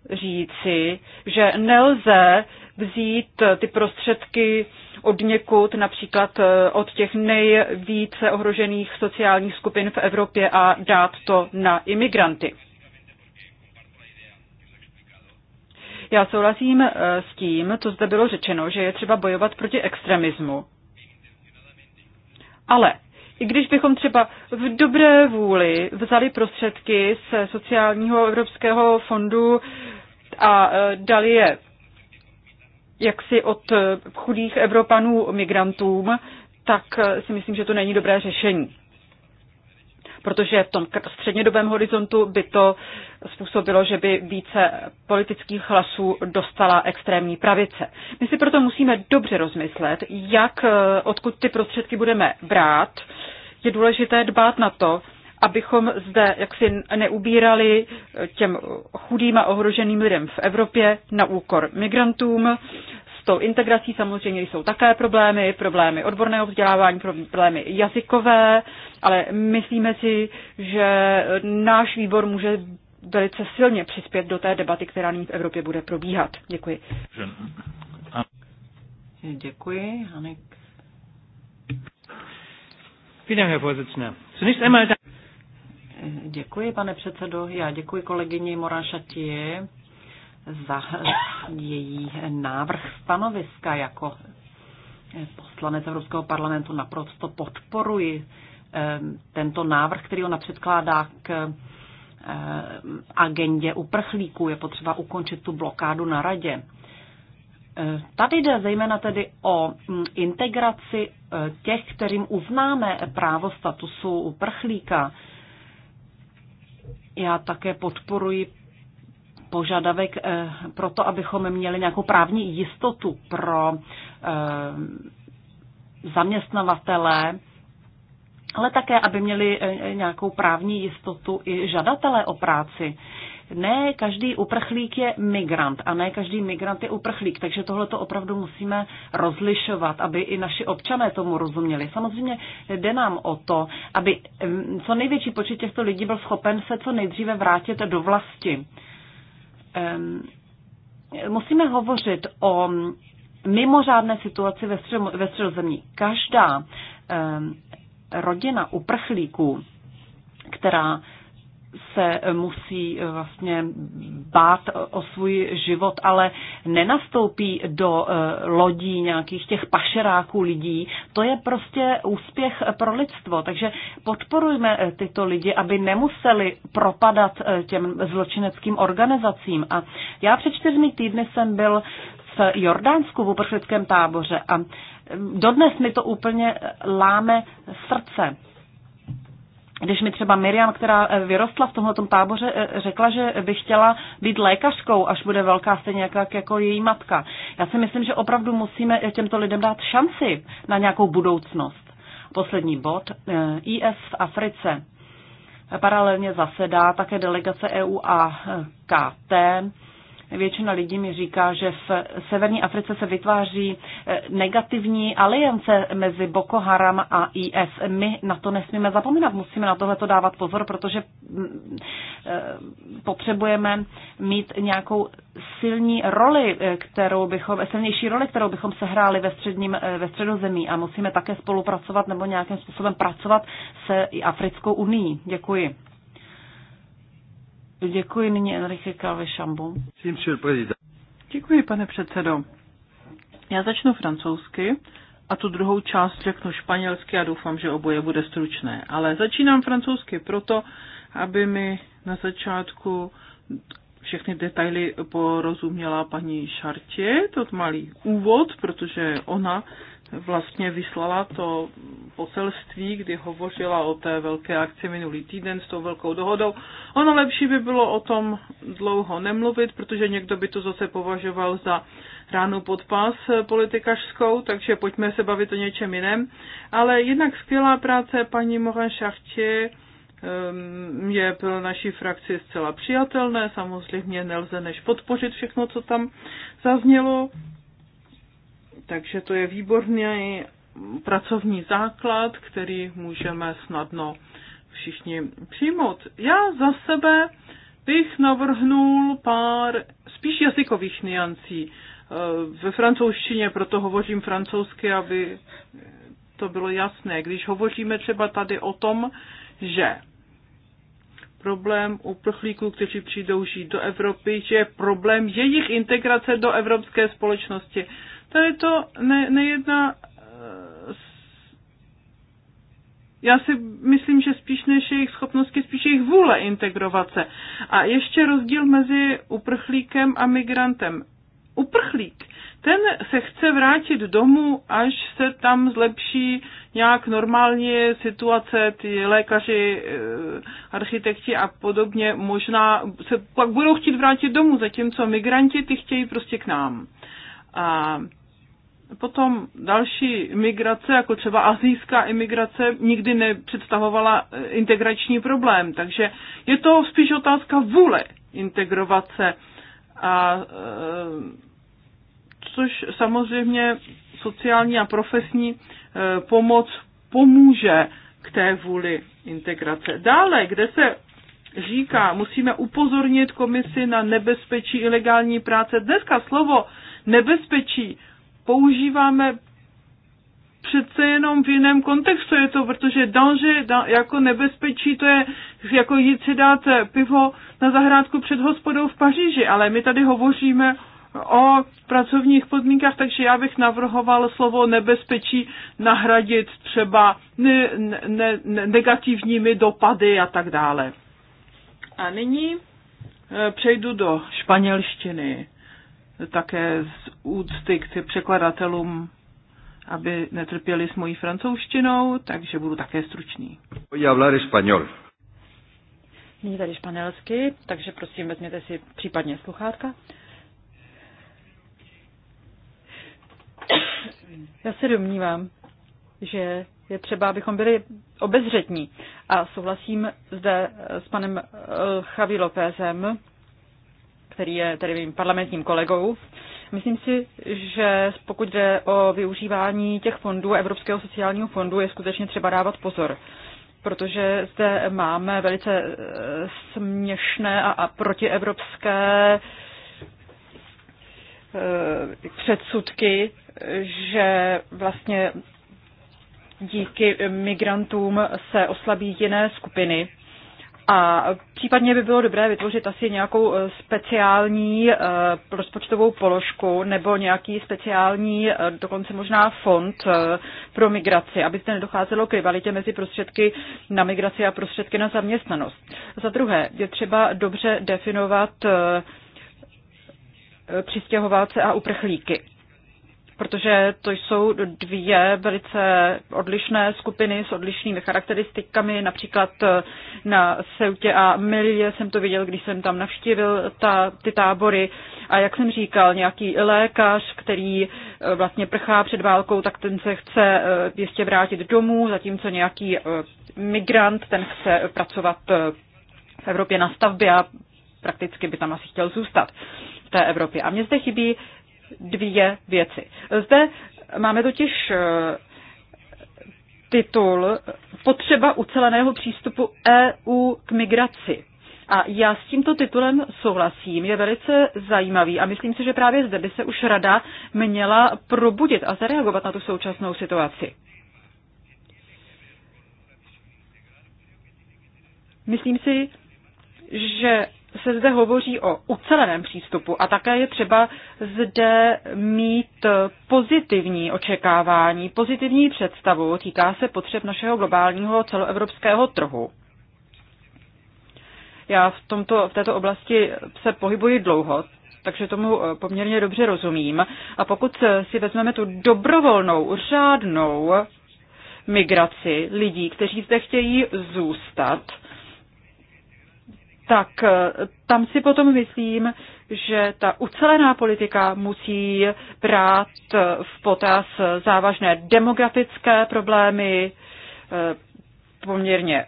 říci, že nelze vzít eh, ty prostředky od někud, například eh, od těch nejvíce ohrožených sociálních skupin v Evropě a dát to na imigranty. Já souhlasím eh, s tím, co zde bylo řečeno, že je třeba bojovat proti extremismu. Ale i když bychom třeba v dobré vůli vzali prostředky z sociálního evropského fondu a dali je jaksi od chudých Evropanů migrantům, tak si myslím, že to není dobré řešení. Protože v tom střednědobém horizontu by to způsobilo, že by více politických hlasů dostala extrémní pravice. My si proto musíme dobře rozmyslet, jak, eh, odkud ty prostředky budeme brát. Je důležité dbát na to, abychom zde jaksi neubírali těm chudým a ohroženým lidem v Evropě na úkor migrantům. S tou integrací samozřejmě jsou také problémy, problémy odborného vzdělávání, problémy jazykové, ale myslíme si, že náš výbor může velice silně přispět do té debaty, která nyní v Evropě bude probíhat. Děkuji. Děkuji, Hanek. Vielen Dank, Herr Děkuji, pane předsedo. Já děkuji kolegyni Morášatě za její návrh stanoviska jako poslanec Evropského parlamentu. Naprosto podporuji eh, tento návrh, který ona předkládá k eh, agendě uprchlíků. Je potřeba ukončit tu blokádu na radě. Eh, tady jde zejména tedy o mm, integraci těch, kterým uznáme právo statusu uprchlíka. Já také podporuji požadavek eh, pro to, abychom měli nějakou právní jistotu pro eh, zaměstnavatele, ale také, aby měli eh, nějakou právní jistotu i žadatelé o práci. Ne každý uprchlík je migrant a ne každý migrant je uprchlík, takže tohle to opravdu musíme rozlišovat, aby i naši občané tomu rozuměli. Samozřejmě jde nám o to, aby co největší počet těchto lidí byl schopen se co nejdříve vrátit do vlasti. Musíme hovořit o mimořádné situaci ve, střed, ve středozemí. Každá rodina uprchlíků, která se musí vlastně bát o svůj život, ale nenastoupí do eh, lodí nějakých těch pašeráků lidí. To je prostě úspěch pro lidstvo. Takže podporujme eh, tyto lidi, aby nemuseli propadat eh, těm zločineckým organizacím. A já před čtyřmi týdny jsem byl v Jordánsku v uprchlickém táboře a dodnes mi to úplně láme srdce když mi třeba Miriam, která eh, vyrostla v tomhle táboře, eh, řekla, že by chtěla být lékařkou, až bude velká, stejně jako, jako její matka. Já si myslím, že opravdu musíme těmto lidem dát šanci na nějakou budoucnost. Poslední bod. Eh, IS v Africe. Paralelně zasedá také delegace EU a KT Většina lidí mi říká, že v severní Africe se vytváří eh, negativní aliance mezi Boko Haram a IS. My na to nesmíme zapomínat, musíme na tohleto dávat pozor, protože mm, eh, potřebujeme mít nějakou silní roli, eh, kterou bychom, silnější roli, kterou bychom sehráli ve, středním, ve středozemí a musíme také spolupracovat nebo nějakým způsobem pracovat se i Africkou unii. Děkuji. Děkuji nyní Enrique Calvi Šambu. Děkuji, pane předsedo. Já začnu francouzsky a tu druhou část řeknu španělsky a doufám, že oboje bude stručné. Ale začínám francouzsky proto, aby mi na začátku všechny detaily porozuměla paní Šartě, to malý úvod, protože ona vlastně vyslala to poselství, kdy hovořila o té velké akci minulý týden s tou velkou dohodou. Ono lepší by bylo o tom dlouho nemluvit, protože někdo by to zase považoval za ránu pod pás politikařskou, takže pojďme se bavit o něčem jiném. Ale jednak skvělá práce paní Moran Šachtě ehm, je pro naší frakci zcela přijatelné. Samozřejmě nelze než podpořit všechno, co tam zaznělo. Takže to je výborný pracovní základ, který můžeme snadno všichni přijmout. Já za sebe bych navrhnul pár spíš jazykových niancí e, ve francouzštině, proto hovořím francouzsky, aby to bylo jasné. Když hovoříme třeba tady o tom, že problém uprchlíků, kteří přijdou žít do Evropy, že je problém jejich integrace do evropské společnosti. Tady to ne, nejedná eh, já si myslím, že spíš než jejich schopnosti, spíš jejich vůle integrovat se. A ještě rozdíl mezi uprchlíkem a migrantem. Uprchlík, ten se chce vrátit domů, až se tam zlepší nějak normálně situace, ty lékaři, eh, architekti a podobně, možná se pak budou chtít vrátit domů, zatímco migranti ty chtějí prostě k nám. A Potom další migrace, jako třeba azijská imigrace, nikdy nepředstavovala eh, integrační problém. Takže je to spíš otázka vůle integrovat se. A, eh, což samozřejmě sociální a profesní eh, pomoc pomůže k té vůli integrace. Dále, kde se říká, musíme upozornit komisi na nebezpečí ilegální práce. Dneska slovo nebezpečí používáme přece jenom v jiném kontextu je to, protože danže jako nebezpečí, to je jako jít si dát pivo na zahrádku před hospodou v Paříži, ale my tady hovoříme o pracovních podmínkách, takže já bych navrhoval slovo nebezpečí nahradit třeba ne, ne, ne, negativními dopady a tak dále. A nyní eh, přejdu do španělštiny také z úcty k překladatelům, aby netrpěli s mojí francouzštinou, takže budu také stručný. Voy a hablar español. Nyní tady španělsky, takže prosím, vezměte si případně sluchátka. Já se domnívám, že je třeba, abychom byli obezřetní. A souhlasím zde s panem Chavi eh, Lópezem, který je tedy mým parlamentním kolegou. Myslím si, že pokud jde o využívání těch fondů, Evropského sociálního fondu, je skutečně třeba dávat pozor protože zde máme velice eh, směšné a, protievropské eh, předsudky, že vlastně díky migrantům se oslabí jiné skupiny. A případně by bylo dobré vytvořit asi nějakou eh, speciální eh, rozpočtovou položku nebo nějaký speciální, eh, dokonce možná fond pro migraci, aby se nedocházelo k rivalitě mezi prostředky na migraci a prostředky na zaměstnanost. Za druhé, je třeba dobře definovat přistěhovalce a uprchlíky protože to jsou dvě velice odlišné skupiny s odlišnými charakteristikami. Například eh, na Seutě a Milie jsem to viděl, když jsem tam navštívil ta, ty tábory. A jak jsem říkal, nějaký lékař, který eh, vlastně prchá před válkou, tak ten se chce eh, ještě vrátit domů, zatímco nějaký migrant, ten chce pracovat v Evropě na stavbě a prakticky by tam asi chtěl zůstat v té Evropě. A mně zde chybí dvě věci. Zde máme totiž eh, titul Potřeba uceleného přístupu EU k migraci. A já s tímto titulem souhlasím, je velice zajímavý a myslím si, že právě zde by se už rada měla probudit a zareagovat na tu současnou situaci. Myslím si, že se zde hovoří o uceleném přístupu a také je třeba zde mít pozitivní očekávání, pozitivní představu, týká se potřeb našeho globálního celoevropského trhu. Já v, tomto, v této oblasti se pohybuji dlouho, takže tomu eh, poměrně dobře rozumím. A pokud si vezmeme tu dobrovolnou, řádnou migraci lidí, kteří zde chtějí zůstat, tak eh, tam si potom myslím, že ta ucelená politika musí brát eh, v potaz závažné demografické problémy, eh, poměrně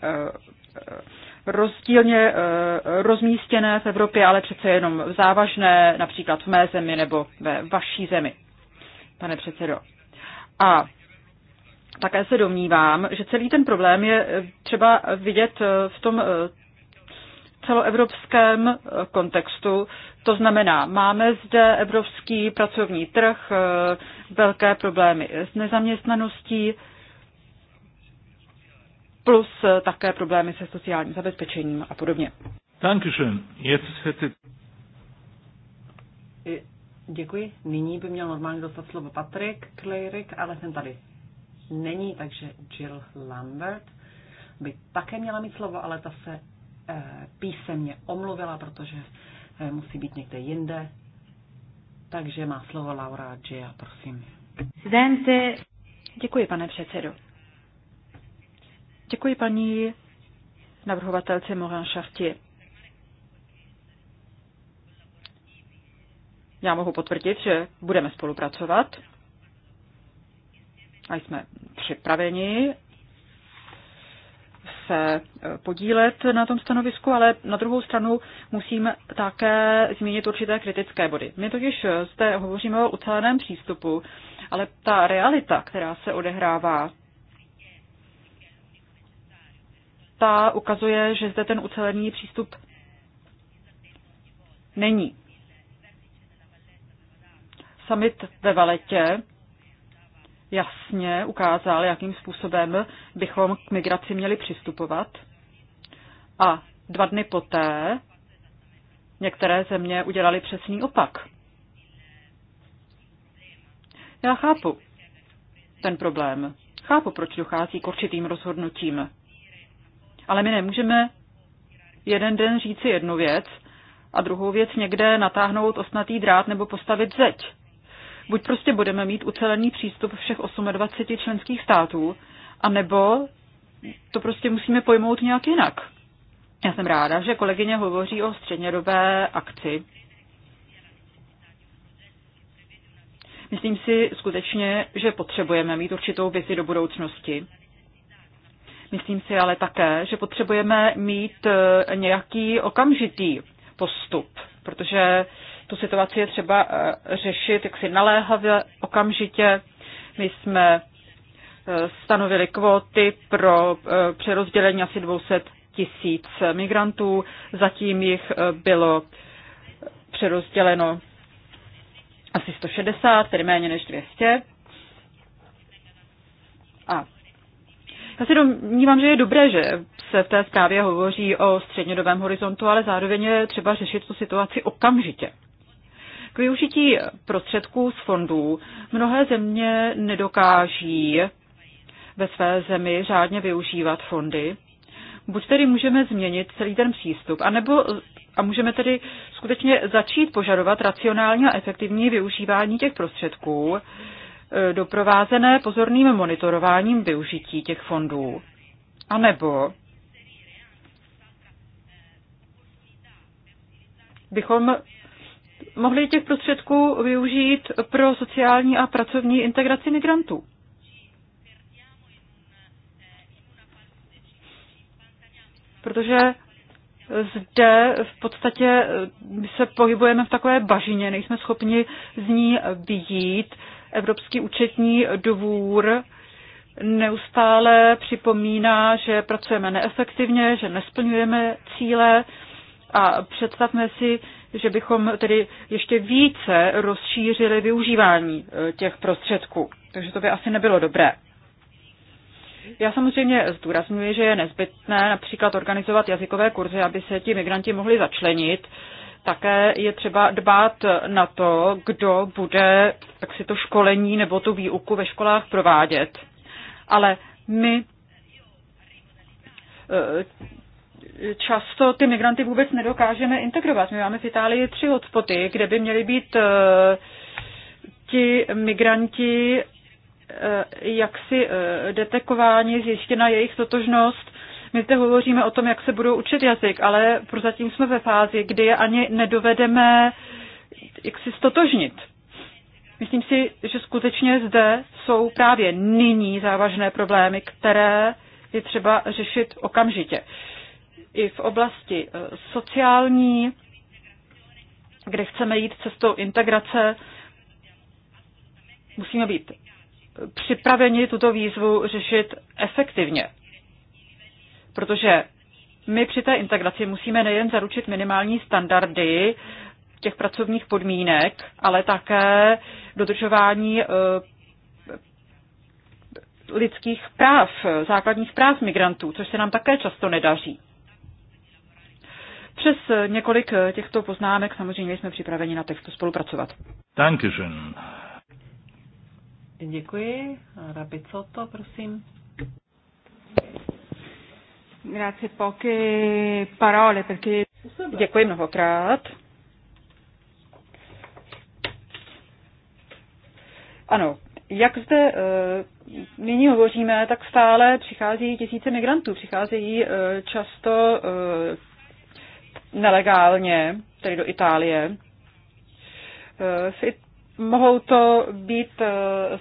rozdílně rozmístěné v Evropě, ale přece jenom závažné, například v mé zemi nebo ve vaší zemi, pane předsedo. A také se domnívám, že celý ten problém je třeba vidět v tom celoevropském eh, kontextu. To znamená, máme zde evropský pracovní trh, eh, velké problémy s nezaměstnaností, plus eh, také problémy se sociálním zabezpečením a podobně. Děkuji. Nyní by měl normálně dostat slovo Patrik Klejrik, ale ten tady není, takže Jill Lambert by také měla mít slovo, ale ta se Eh, písemně omluvila, protože eh, musí být někde jinde. Takže má slovo Laura Gia, prosím. Presidente. Děkuji, pane předsedo. Děkuji paní navrhovatelce Morin Chartier. Já mohu potvrdit, že budeme spolupracovat a jsme připraveni se eh, podílet na tom stanovisku, ale na druhou stranu musím také zmínit určité kritické body. My totiž eh, zde hovoříme o uceleném přístupu, ale ta realita, která se odehrává, ta ukazuje, že zde ten ucelený přístup není. Summit ve Valetě jasně ukázal, jakým způsobem bychom k migraci měli přistupovat. A dva dny poté některé země udělali přesný opak. Já chápu ten problém. Chápu, proč dochází k určitým rozhodnutím. Ale my nemůžeme jeden den říci jednu věc a druhou věc někde natáhnout osnatý drát nebo postavit zeď. Buď prostě budeme mít ucelený přístup všech 28 členských států, anebo to prostě musíme pojmout nějak jinak. Já jsem ráda, že kolegyně hovoří o střednědobé akci. Myslím si skutečně, že potřebujeme mít určitou vizi do budoucnosti. Myslím si ale také, že potřebujeme mít eh, nějaký okamžitý postup, protože tu situaci je třeba eh, řešit jaksi naléhavě, okamžitě. My jsme eh, stanovili kvóty pro eh, přerozdělení asi 200 tisíc migrantů, zatím jich bylo přerozděleno asi 160, tedy méně než 200. A já si domnívám, že je dobré, že se v té zprávě hovoří o střednědobém horizontu, ale zároveň je třeba řešit tu situaci okamžitě. K využití prostředků z fondů mnohé země nedokáží ve své zemi řádně využívat fondy. Buď tedy můžeme změnit celý ten přístup, anebo a můžeme tedy skutečně začít požadovat racionální a efektivní využívání těch prostředků, eh, doprovázené pozorným monitorováním využití těch fondů. A nebo bychom mohli těch prostředků využít pro sociální a pracovní integraci migrantů. Protože zde v podstatě se pohybujeme v takové bažině, nejsme schopni z ní vyjít. Evropský účetní dvůr neustále připomíná, že pracujeme neefektivně, že nesplňujeme cíle a představme si, že bychom tedy ještě více rozšířili využívání e, těch prostředků. Takže to by asi nebylo dobré. Já samozřejmě zdůrazňuji, že je nezbytné například organizovat jazykové kurzy, aby se ti migranti mohli začlenit. Také je třeba dbát na to, kdo bude tak si to školení nebo tu výuku ve školách provádět. Ale my e, často ty migranty vůbec nedokážeme integrovat. My máme v Itálii tři hotspoty, kde by měli být eh, ti migranti eh, jaksi eh, detekováni, zjištěna jejich totožnost. My zde hovoříme o tom, jak se budou učit jazyk, ale prozatím jsme ve fázi, kdy je ani nedovedeme si stotožnit. Myslím si, že skutečně zde jsou právě nyní závažné problémy, které je třeba řešit okamžitě. Uh, i v oblasti eh, sociální, kde chceme jít cestou integrace, musíme být připraveni tuto výzvu řešit efektivně. Protože my při té integraci musíme nejen zaručit minimální standardy těch pracovních podmínek, ale také dodržování eh, lidských práv, základních práv migrantů, což se nám také často nedaří. Přes několik eh, těchto poznámek samozřejmě jsme připraveni na textu spolupracovat. Dankeschön. Děkuji. Rabicoto, prosím. Grazie, poche parole, perché... Děkuji mnohokrát. Ano, jak zde uh, nyní hovoříme, tak stále přichází tisíce migrantů, přicházejí uh, často uh, nelegálně, tedy do Itálie. Eh, mohou to být eh,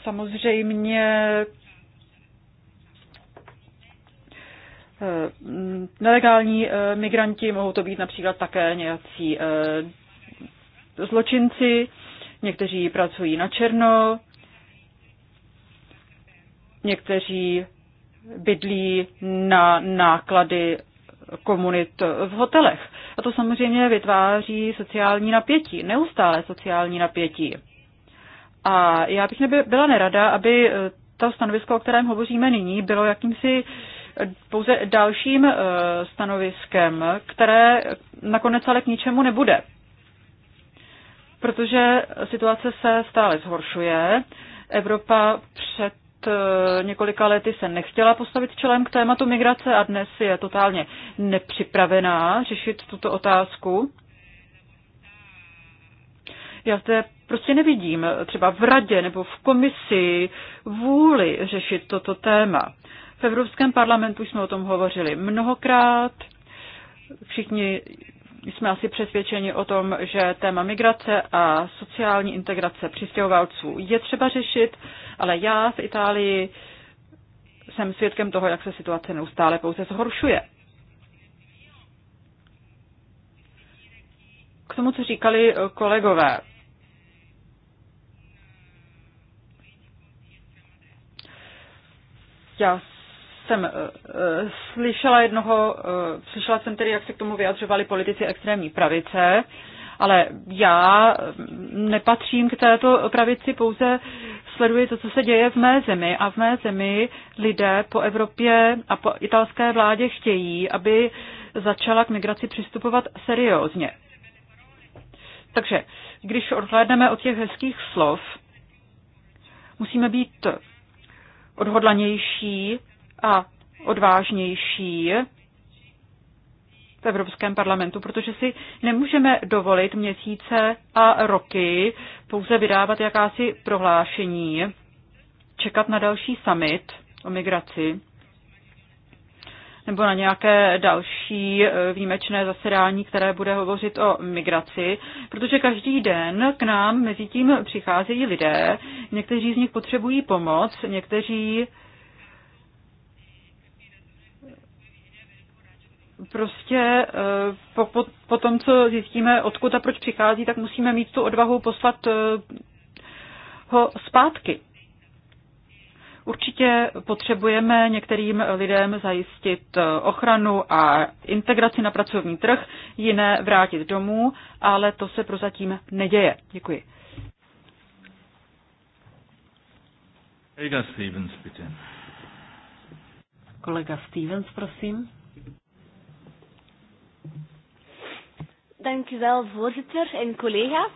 samozřejmě eh, nelegální migranti, mohou to být například také nějací zločinci, někteří pracují na černo, někteří bydlí na náklady komunit v hotelech. A to samozřejmě vytváří sociální napětí, neustále sociální napětí. A já bych byla nerada, aby eh, to stanovisko, o kterém hovoříme nyní, bylo jakýmsi eh, pouze dalším eh, stanoviskem, které nakonec ale k ničemu nebude. Protože situace se stále zhoršuje. Evropa před Eh, několika lety se nechtěla postavit čelem k tématu migrace a dnes je totálně nepřipravená řešit tuto otázku. Já zde prostě nevidím třeba v radě nebo v komisi vůli řešit toto téma. V Evropském parlamentu jsme o tom hovořili mnohokrát. Všichni jsme asi přesvědčeni o tom, že téma migrace a sociální integrace přistěhovalců je třeba řešit, ale já v Itálii jsem svědkem toho, jak se situace neustále pouze zhoršuje. K tomu, co říkali eh, kolegové. Já jsem eh, slyšela jednoho, eh, slyšela jsem tedy, jak se k tomu vyjadřovali politici extrémní pravice, ale já mm, nepatřím k této pravici, pouze sleduji to, co se děje v mé zemi a v mé zemi lidé po Evropě a po italské vládě chtějí, aby začala k migraci přistupovat seriózně. Takže když odhlédneme od těch hezkých slov, musíme být odhodlanější a odvážnější v Evropském parlamentu, protože si nemůžeme dovolit měsíce a roky pouze vydávat jakási prohlášení, čekat na další summit o migraci nebo na nějaké další eh, výjimečné zasedání, které bude hovořit o migraci, protože každý den k nám mezi tím přicházejí lidé, někteří z nich potřebují pomoc, někteří prostě eh, po, po, po tom, co zjistíme, odkud a proč přichází, tak musíme mít tu odvahu poslat eh, ho zpátky. Určitě potřebujeme některým lidem zajistit eh, ochranu a integraci na pracovní trh, jiné vrátit domů, ale to se prozatím neděje. Děkuji. Kolega Stevens, Stevens, prosím. Dank u wel, voorzitter en collega's.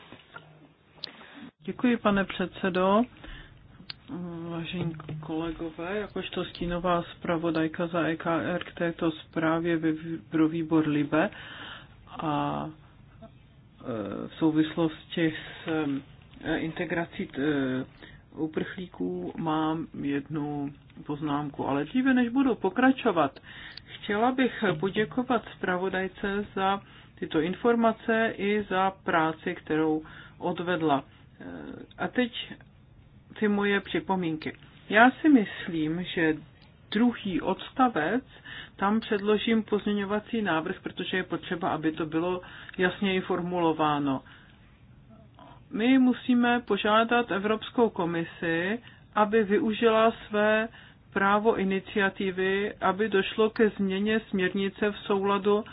Děkuji, pane předsedo. Vážení kolegové, jakožto stínová zpravodajka za EKR k této zprávě pro výbor LIBE a e, v souvislosti s e, integrací e, uprchlíků mám jednu poznámku, ale dříve než budu pokračovat, chtěla bych poděkovat zpravodajce za tyto informace i za práci, kterou odvedla. Eh, a teď ty moje připomínky. Já si myslím, že druhý odstavec, tam předložím pozměňovací návrh, protože je potřeba, aby to bylo jasněji formulováno. My musíme požádat Evropskou komisi, aby využila své právo iniciativy, aby došlo ke změně směrnice v souladu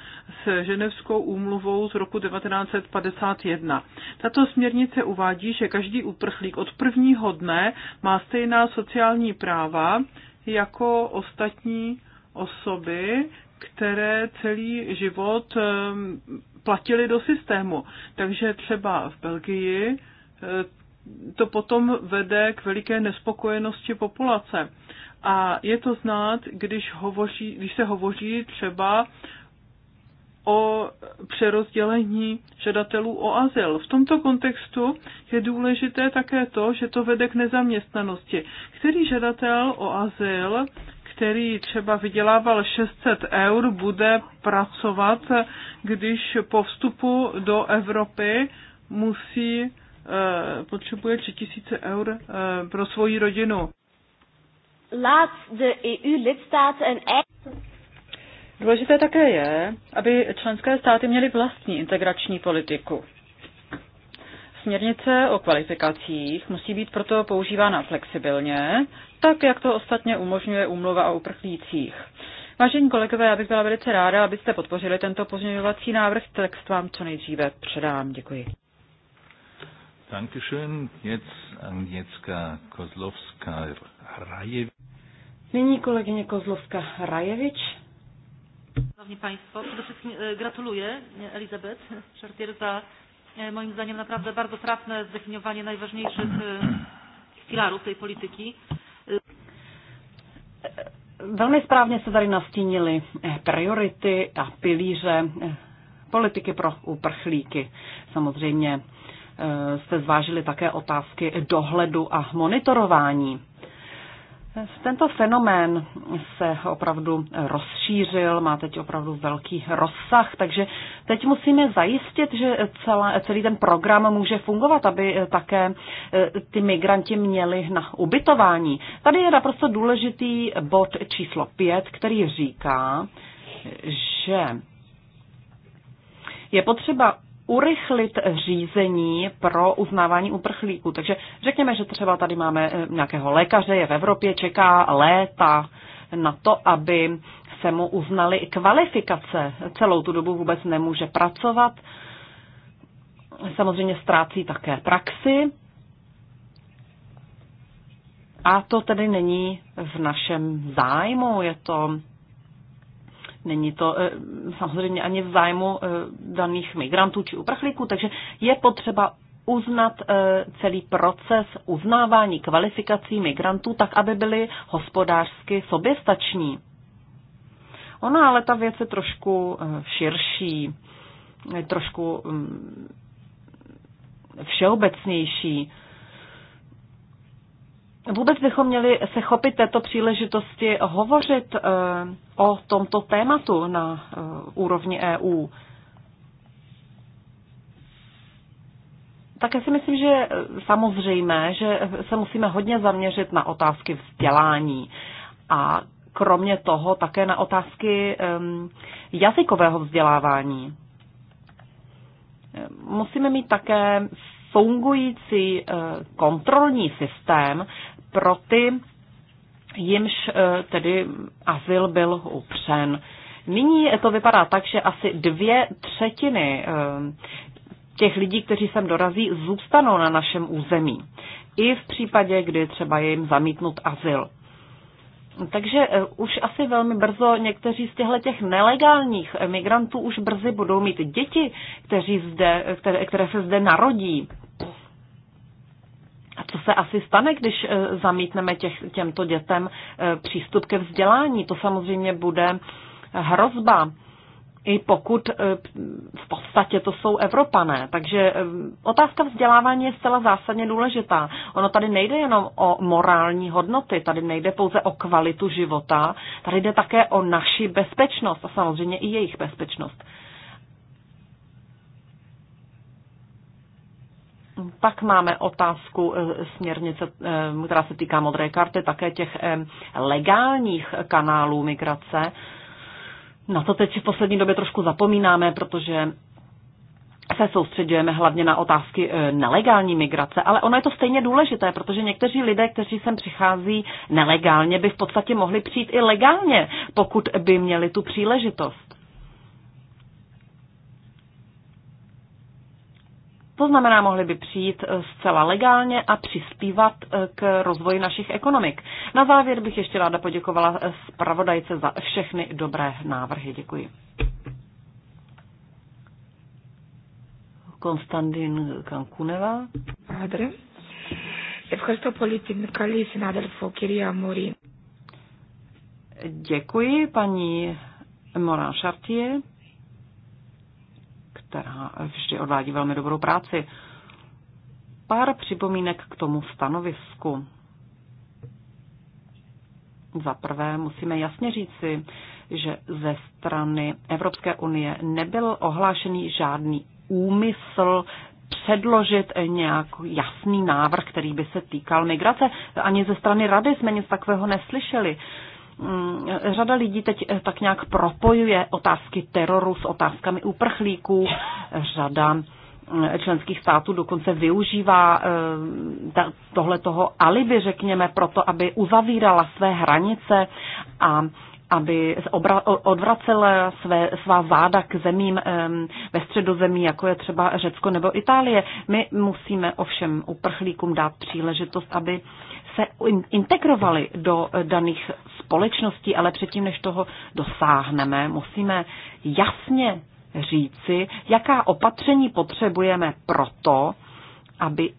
s Ženevskou úmluvou z roku 1951. Tato směrnice uvádí, že každý uprchlík od prvního dne má stejná sociální práva jako ostatní osoby, které celý život ehm, platili do systému. Takže třeba v Belgii ehm, to potom vede k veliké nespokojenosti populace. A je to znát, když, hovoří, když se hovoří třeba o přerozdělení žadatelů o azyl. V tomto kontextu je důležité také to, že to vede k nezaměstnanosti. Který žadatel o azyl, který třeba vydělával 600 eur, bude pracovat, když po vstupu do Evropy musí eh, potřebuje 3000 eur eh, pro svoji rodinu laat de EU-lidstaten een eigen... Důležité také je, aby členské státy měly vlastní integrační politiku. Směrnice o kvalifikacích musí být proto používána flexibilně, tak jak to ostatně umožňuje úmluva o uprchlících. Vážení kolegové, já bych byla velice ráda, abyste podpořili tento pozměňovací návrh. Text vám co nejdříve předám. Děkuji. Dankeschön. Jetzt Agnieszka Nyní kolegyně Kozlovská Rajevič. Szanowni Państwo, przede wszystkim e, gratuluję e, Elizabeth Chartier za e, moim zdaniem naprawdę bardzo trafne zdefiniowanie najważniejszych filarów tej polityki. Velmi správně se tady nastínily priority a pilíře politiky pro uprchlíky. Samozřejmě jste zvážili také otázky dohledu a monitorování. Tento fenomén se opravdu rozšířil, má teď opravdu velký rozsah, takže teď musíme zajistit, že celá, celý ten program může fungovat, aby také eh, ty migranti měli na ubytování. Tady je naprosto důležitý bod číslo 5, který říká, že je potřeba urychlit řízení pro uznávání uprchlíků. Takže řekněme, že třeba tady máme eh, nějakého lékaře, je v Evropě, čeká léta na to, aby se mu uznaly i kvalifikace. Celou tu dobu vůbec nemůže pracovat. Samozřejmě ztrácí také praxi. A to tedy není v našem zájmu, je to Není to eh, samozřejmě ani v zájmu eh, daných migrantů či uprchlíků, takže je potřeba uznat eh, celý proces uznávání kvalifikací migrantů tak, aby byli hospodářsky soběstační. Ona ale ta věc je trošku širší, trošku mm, všeobecnější. Vůbec bychom měli se chopit této příležitosti hovořit eh, o tomto tématu na eh, úrovni EU. Také si myslím, že je eh, samozřejmé, že se musíme hodně zaměřit na otázky vzdělání a kromě toho také na otázky ehm, jazykového vzdělávání. Musíme mít také fungující kontrolní systém, pro ty, jimž eh, tedy azyl byl upřen. Nyní to vypadá tak, že asi dvě třetiny eh, těch lidí, kteří sem dorazí, zůstanou na našem území. I v případě, kdy třeba je jim zamítnut azyl. Takže eh, už asi velmi brzo někteří z těchto těch nelegálních migrantů už brzy budou mít děti, kteří zde, které, které se zde narodí. A co se asi stane, když eh, zamítneme těch, těmto dětem eh, přístup ke vzdělání? To samozřejmě bude hrozba, i pokud eh, v podstatě to jsou Evropané. Takže otázka vzdělávání je zcela zásadně důležitá. Ono tady nejde jenom o morální hodnoty, tady nejde pouze o kvalitu života, tady jde také o naši bezpečnost a samozřejmě i jejich bezpečnost. Pak máme otázku eh, směrnice, eh, která se týká modré karty, také těch eh, legálních kanálů migrace. Na to teď v poslední době trošku zapomínáme, protože se soustředujeme hlavně na otázky nelegální migrace, ale ono je to stejně důležité, protože někteří lidé, kteří sem přichází nelegálně, by v podstatě mohli přijít i legálně, pokud by měli tu příležitost. To znamená, mohli by přijít eh, zcela legálně a přispívat eh, k rozvoji našich ekonomik. Na závěr bych ještě ráda poděkovala eh, zpravodajce za všechny dobré návrhy. Děkuji. Konstantin Kankuneva. Άντρε. Děkuji paní Moran Chartier která vždy odvádí velmi dobrou práci. Pár připomínek k tomu stanovisku. Za prvé musíme jasně říci, že ze strany Evropské unie nebyl ohlášený žádný úmysl předložit nějak jasný návrh, který by se týkal migrace. Ani ze strany rady jsme nic takového neslyšeli. Mm, řada lidí teď eh, tak nějak propojuje otázky teroru s otázkami uprchlíků. Řada mm, členských států dokonce využívá eh, tohle toho alibi, řekněme, proto, aby uzavírala své hranice a aby odvracela své, svá záda k zemím ve středozemí, jako je třeba Řecko nebo Itálie. My musíme ovšem uprchlíkům dát příležitost, aby se integrovali do eh, daných společností, ale předtím, než toho dosáhneme, musíme jasně říci, jaká opatření potřebujeme proto, aby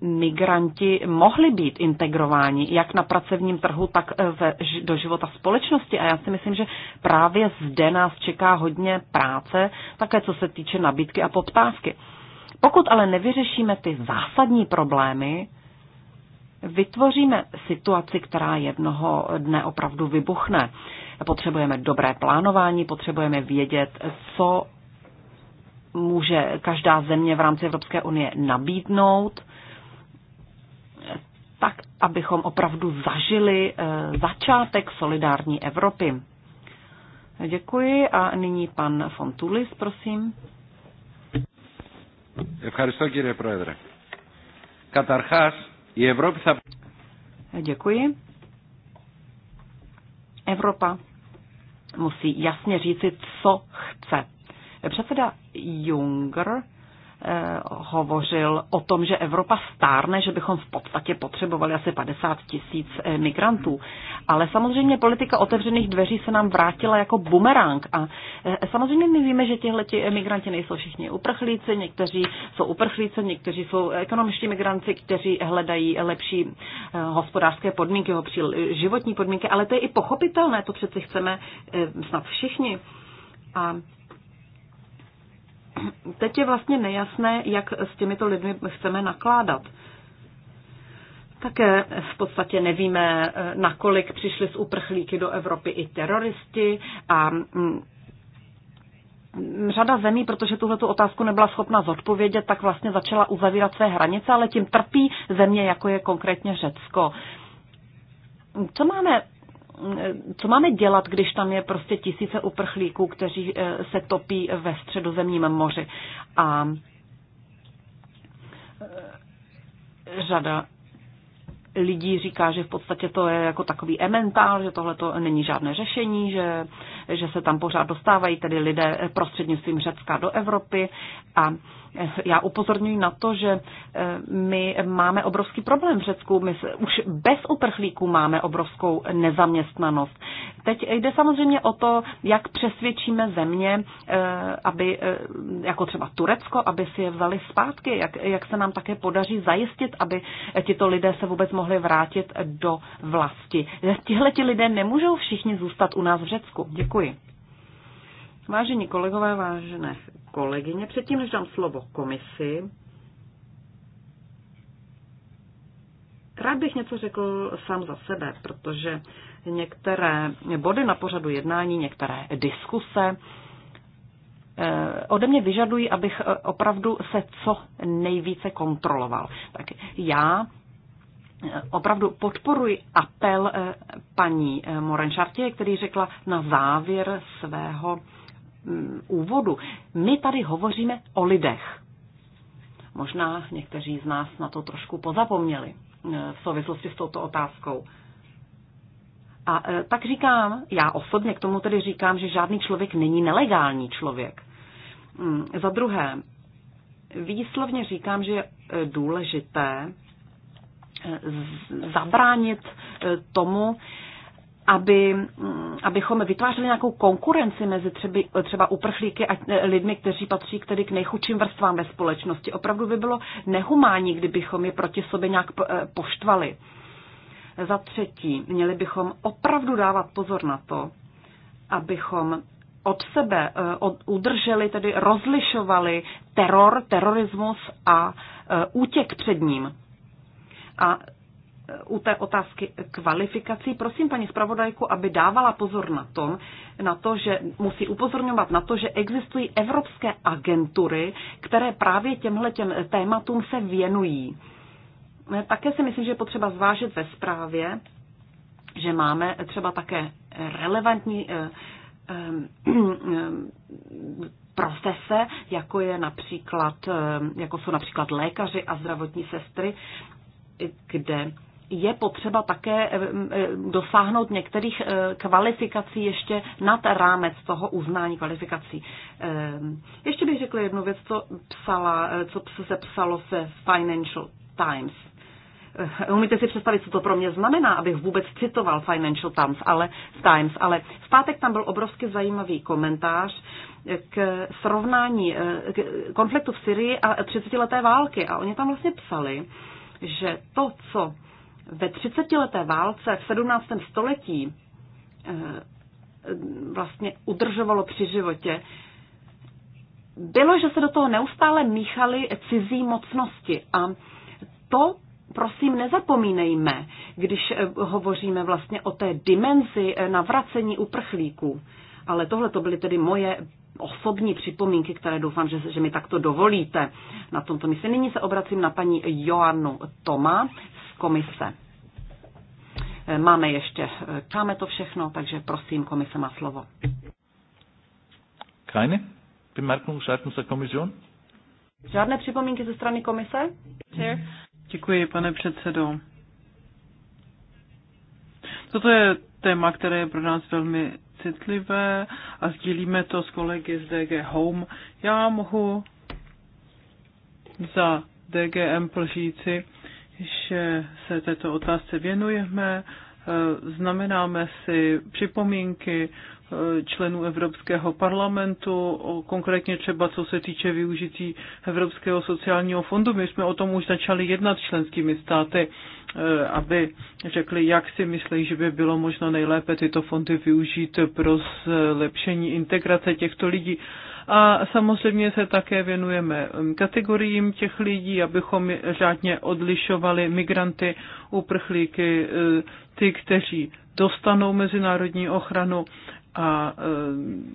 migranti mohli být integrováni jak na pracovním trhu, tak eh, ve, do života společnosti. A já si myslím, že právě zde nás čeká hodně práce, také co se týče nabídky a poptávky. Pokud ale nevyřešíme ty zásadní problémy, vytvoříme situaci, která jednoho dne opravdu vybuchne. Potřebujeme dobré plánování, potřebujeme vědět, co může každá země v rámci Evropské unie nabídnout, tak, abychom opravdu zažili eh, začátek solidární Evropy. Děkuji a nyní pan Fontulis, prosím. Děkuji, κύριε Πρόεδρε. Η Děkuji. Evropa musí jasně říci, co chce. Předseda Juncker Eh, hovořil o tom, že Evropa stárne, že bychom v podstatě potřebovali asi 50 tisíc eh, migrantů. Ale samozřejmě politika otevřených dveří se nám vrátila jako bumerang. A eh, samozřejmě my víme, že tihle migranti nejsou všichni uprchlíci, někteří jsou uprchlíci, někteří jsou ekonomičtí migranti, kteří hledají lepší hospodářské podmínky, životní podmínky, ale to je i pochopitelné, to přeci chceme snad všichni. A teď je vlastně nejasné, jak s těmito lidmi chceme nakládat. Také v podstatě nevíme, eh, nakolik přišli z uprchlíky do Evropy i teroristi a mm, řada zemí, protože tuhle otázku nebyla schopna zodpovědět, tak vlastně začala uzavírat své hranice, ale tím trpí země, jako je konkrétně Řecko. Co máme co máme dělat, když tam je prostě tisíce uprchlíků, kteří eh, se topí ve středozemním moři. A eh, řada lidí říká, že v podstatě to je jako takový ementál, že tohle to není žádné řešení, že, že se tam pořád dostávají tedy lidé eh, prostřednictvím Řecka do Evropy a já upozorňuji na to, že eh, my máme obrovský problém v Řecku. My už bez uprchlíků máme obrovskou nezaměstnanost. Teď jde samozřejmě o to, jak přesvědčíme země, eh, aby, eh, jako třeba Turecko, aby si je vzali zpátky, jak, jak se nám také podaří zajistit, aby tito lidé se vůbec mohli vrátit do vlasti. Tihle ti lidé nemůžou všichni zůstat u nás v Řecku. Děkuji. Vážení kolegové, vážené kolegyně, předtím, než dám slovo komisi, rád bych něco řekl sám za sebe, protože některé body na pořadu jednání, některé diskuse eh, ode mě vyžadují, abych eh, opravdu se co nejvíce kontroloval. Tak já eh, opravdu podporuji apel paní Morenšartě, který řekla na závěr svého Mm, úvodu, my tady hovoříme o lidech. Možná někteří z nás na to trošku pozapomněli eh, v souvislosti s touto otázkou. A eh, tak říkám, já osobně k tomu tedy říkám, že žádný člověk není nelegální člověk. Mm, za druhé, výslovně říkám, že je eh, důležité zabránit tomu, aby, mm, abychom vytvářeli nějakou konkurenci mezi třeba, třeba uprchlíky a e, lidmi, kteří patří k, tedy k nejchudším vrstvám ve společnosti. Opravdu by bylo nehumání, kdybychom je proti sobě nějak e, poštvali. Za třetí, měli bychom opravdu dávat pozor na to, abychom od sebe e, od, udrželi, tedy rozlišovali teror, terorismus a útěk před ním. A u té otázky kvalifikací. Prosím paní zpravodajku, aby dávala pozor na, tom, na to, že musí upozorňovat na to, že existují evropské agentury, které právě těmhle těm tématům se věnují. Také si myslím, že je potřeba zvážit ve zprávě, že máme třeba také relevantní eh, eh, profese, jako, je například, eh, jako jsou například lékaři a zdravotní sestry, kde je potřeba také eh, eh, dosáhnout některých eh, kvalifikací ještě nad rámec toho uznání kvalifikací. Ještě bych řekla jednu věc, co, psala, co se psalo se Financial Times. Umíte si představit, co to pro mě znamená, abych vůbec citoval Financial Times, ale, Times, ale v pátek tam byl obrovsky zajímavý komentář k srovnání k konfliktu v Syrii a 30-leté války. A oni tam vlastně psali, že to, co ve 30-leté válce v 17. století eh, vlastně udržovalo při životě, bylo, že se do toho neustále míchaly cizí mocnosti. A to prosím nezapomínejme, když eh, hovoříme vlastně o té dimenzi eh, navracení uprchlíků. Ale tohle to byly tedy moje osobní připomínky, které doufám, že, že mi takto dovolíte. Na tomto místě nyní se obracím na paní Joannu Toma komise. Eh, máme ještě, máme eh, to všechno, takže prosím, komise má slovo. Keine Bemerkung seitens der Kommission? Žádné připomínky ze strany komise? Děkuji, pane předsedo. Toto je téma, které je pro nás velmi citlivé a sdílíme to s kolegy z DG Home. Já mohu za DG plžíci, že se této otázce věnujeme, eh, znamenáme si připomínky eh, členů Evropského parlamentu, konkrétně třeba co se týče využití Evropského sociálního fondu. My jsme o tom už začali jednat členskými státy, eh, aby řekli, jak si myslí, že by bylo možno nejlépe tyto fondy využít pro zlepšení integrace těchto lidí a samozřejmě se také věnujeme um, kategoriím těch lidí, abychom řádně odlišovali migranty, uprchlíky, eh, ty, kteří dostanou mezinárodní ochranu a eh,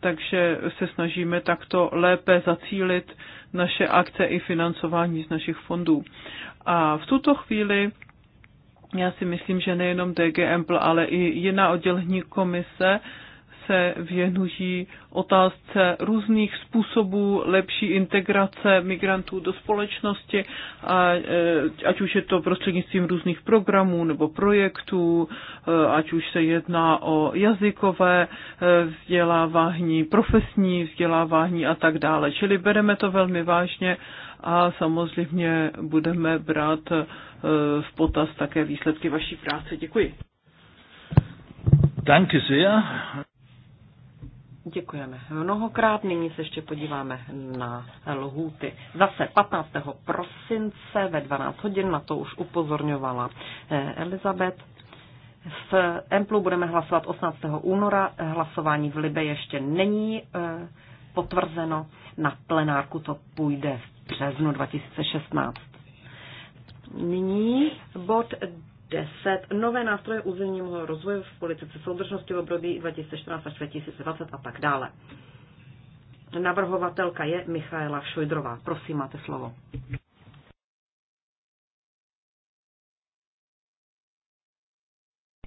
takže se snažíme takto lépe zacílit naše akce i financování z našich fondů. A v tuto chvíli já si myslím, že nejenom DGM, ale i jiná oddělení komise se věnují otázce různých způsobů lepší integrace migrantů do společnosti, a, e, ať už je to prostřednictvím různých programů nebo projektů, e, ať už se jedná o jazykové e, vzdělávání, profesní vzdělávání a tak dále. Čili bereme to velmi vážně a samozřejmě budeme brát v potaz také výsledky vaší práce. Děkuji. Danke sehr. Děkujeme mnohokrát. Nyní se ještě podíváme na lhůty. Zase 15. prosince ve 12 hodin, na to už upozorňovala eh, Elizabet. V Emplu budeme hlasovat 18. února, hlasování v Libe ještě není eh, potvrzeno, na plenárku to půjde v březnu 2016. Nyní bod 10 nové nástroje územního rozvoje v politice soudržnosti v období 2014 až 2020 a tak dále. Navrhovatelka je Michaela Šojdrová. Prosím, máte slovo.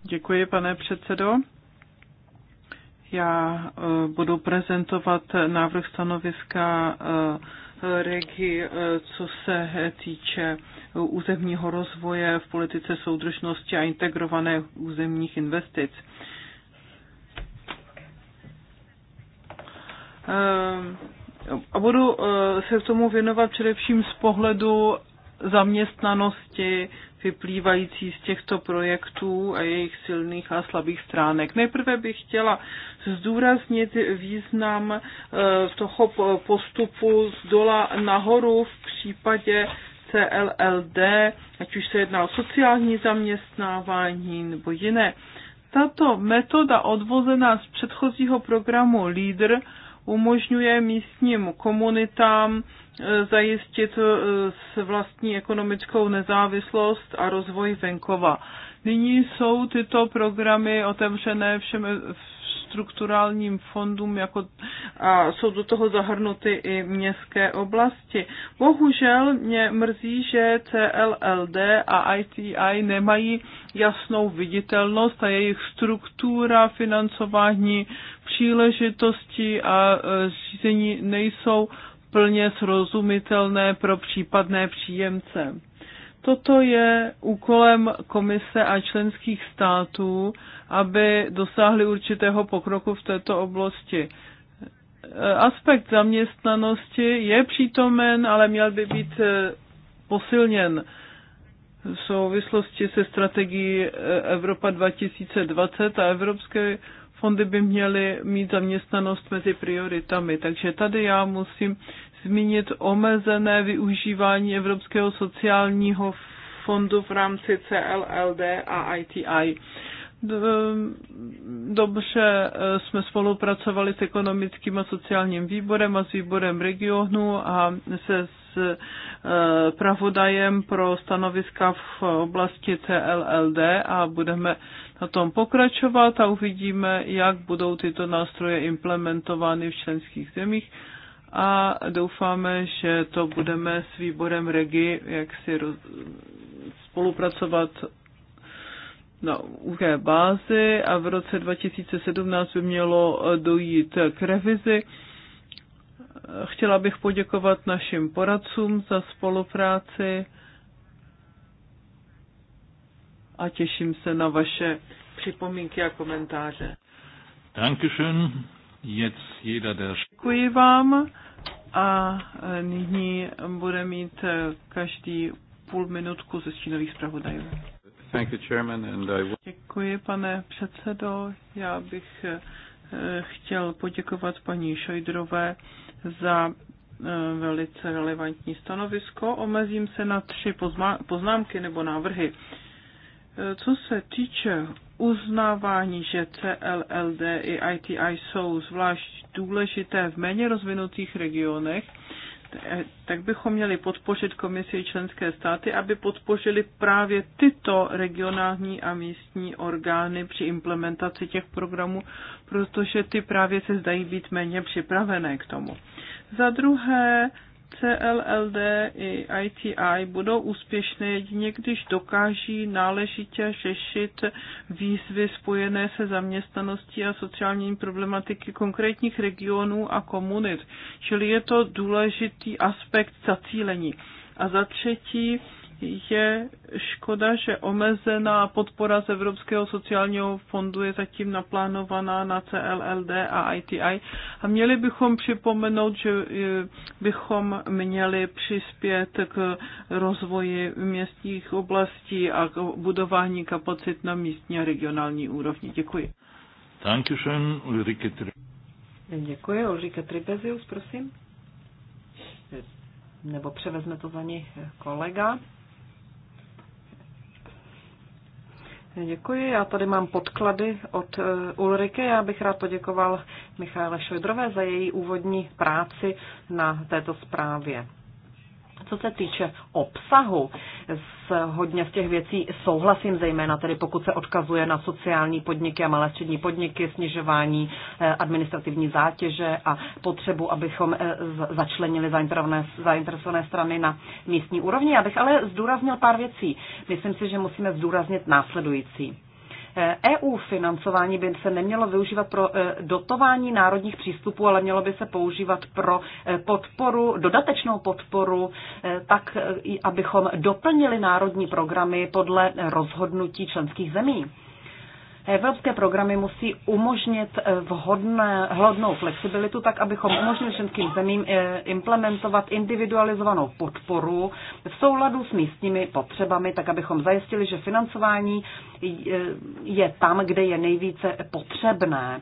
Děkuji, pane předsedo. Já eh, budu prezentovat návrh stanoviska eh, regi, co se týče územního rozvoje v politice soudržnosti a integrované územních investic. A budu eh, se tomu věnovat především z pohledu zaměstnanosti, vyplývající z těchto projektů a jejich silných a slabých stránek. Nejprve bych chtěla zdůraznit význam eh, toho postupu z dola nahoru v případě CLLD, ať už se jedná o sociální zaměstnávání nebo jiné. Tato metoda odvozená z předchozího programu LEADER umožňuje místním komunitám eh, zajistit eh, vlastní ekonomickou nezávislost a rozvoj venkova. Nyní jsou tyto programy otevřené všem strukturálním fondům jako, a jsou do toho zahrnuty i městské oblasti. Bohužel mě mrzí, že CLLD a ITI nemají jasnou viditelnost a jejich struktura financování příležitosti a e, řízení nejsou plně srozumitelné pro případné příjemce. Toto je úkolem komise a členských států, aby dosáhli určitého pokroku v této oblasti. Aspekt zaměstnanosti je přítomen, ale měl by být eh, posilněn v souvislosti se strategií eh, Evropa 2020 a Evropské fondy by měly mít zaměstnanost mezi prioritami. Takže tady já musím zmínit omezené využívání Evropského sociálního fondu v rámci CLLD a ITI. Dobře eh, jsme spolupracovali s ekonomickým a sociálním výborem a s výborem regionu a se s eh, pravodajem pro stanoviska v oblasti CLLD a budeme na tom pokračovat a uvidíme, jak budou tyto nástroje implementovány v členských zemích a doufáme, že to budeme s výborem REGI jak si roz, spolupracovat na úké bázi a v roce 2017 by mělo dojít k revizi. Chtěla bych poděkovat našim poradcům za spolupráci a těším se na vaše připomínky a komentáře. Dankeschön. Děkuji vám a e, nyní bude mít e, každý půl minutku ze stínových zpravodajů. Děkuji, pane předsedo. Já bych e, chtěl poděkovat paní Šojdrové za velice relevantní stanovisko. Omezím se na tři poznámky nebo návrhy. Co se týče uznávání, že CLLD i ITI jsou zvlášť důležité v méně rozvinutých regionech, tak bychom měli podpořit komisi členské státy, aby podpořili právě tyto regionální a místní orgány při implementaci těch programů, protože ty právě se zdají být méně připravené k tomu. Za druhé, CLLD i ITI budou úspěšné jedině, když dokáží náležitě řešit výzvy spojené se zaměstnaností a sociální problematiky konkrétních regionů a komunit. Čili je to důležitý aspekt zacílení. A za třetí, je škoda, že omezená podpora z Evropského sociálního fondu je zatím naplánovaná na CLLD a ITI a měli bychom připomenout, že e, bychom měli přispět k rozvoji městských oblastí a k budování kapacit na místní a regionální úrovni. Děkuji. Děkuji, Ulrike Tribezius, prosím. Nebo převezme to za ní kolega. Děkuji. Já tady mám podklady od eh, Ulrike. Já bych rád poděkoval Michále Šojdrové za její úvodní práci na této zprávě. Co se týče obsahu, s hodně z těch věcí souhlasím, zejména tedy pokud se odkazuje na sociální podniky a malé střední podniky, snižování eh, administrativní zátěže a potřebu, abychom eh, začlenili zainteresované strany na místní úrovni. Abych ale zdůraznil pár věcí. Myslím si, že musíme zdůraznit následující. EU e financování by se nemělo využívat pro e, dotování národních přístupů, ale mělo by se používat pro e, podporu, dodatečnou podporu, tak abychom doplnili národní programy podle rozhodnutí členských zemí. Evropské programy musí umožnit eh, vhodné, hodnou flexibilitu, tak abychom umožnili členským zemím eh, implementovat individualizovanou podporu v souladu s místními potřebami, tak abychom zajistili, že financování eh, je tam, kde je nejvíce potřebné.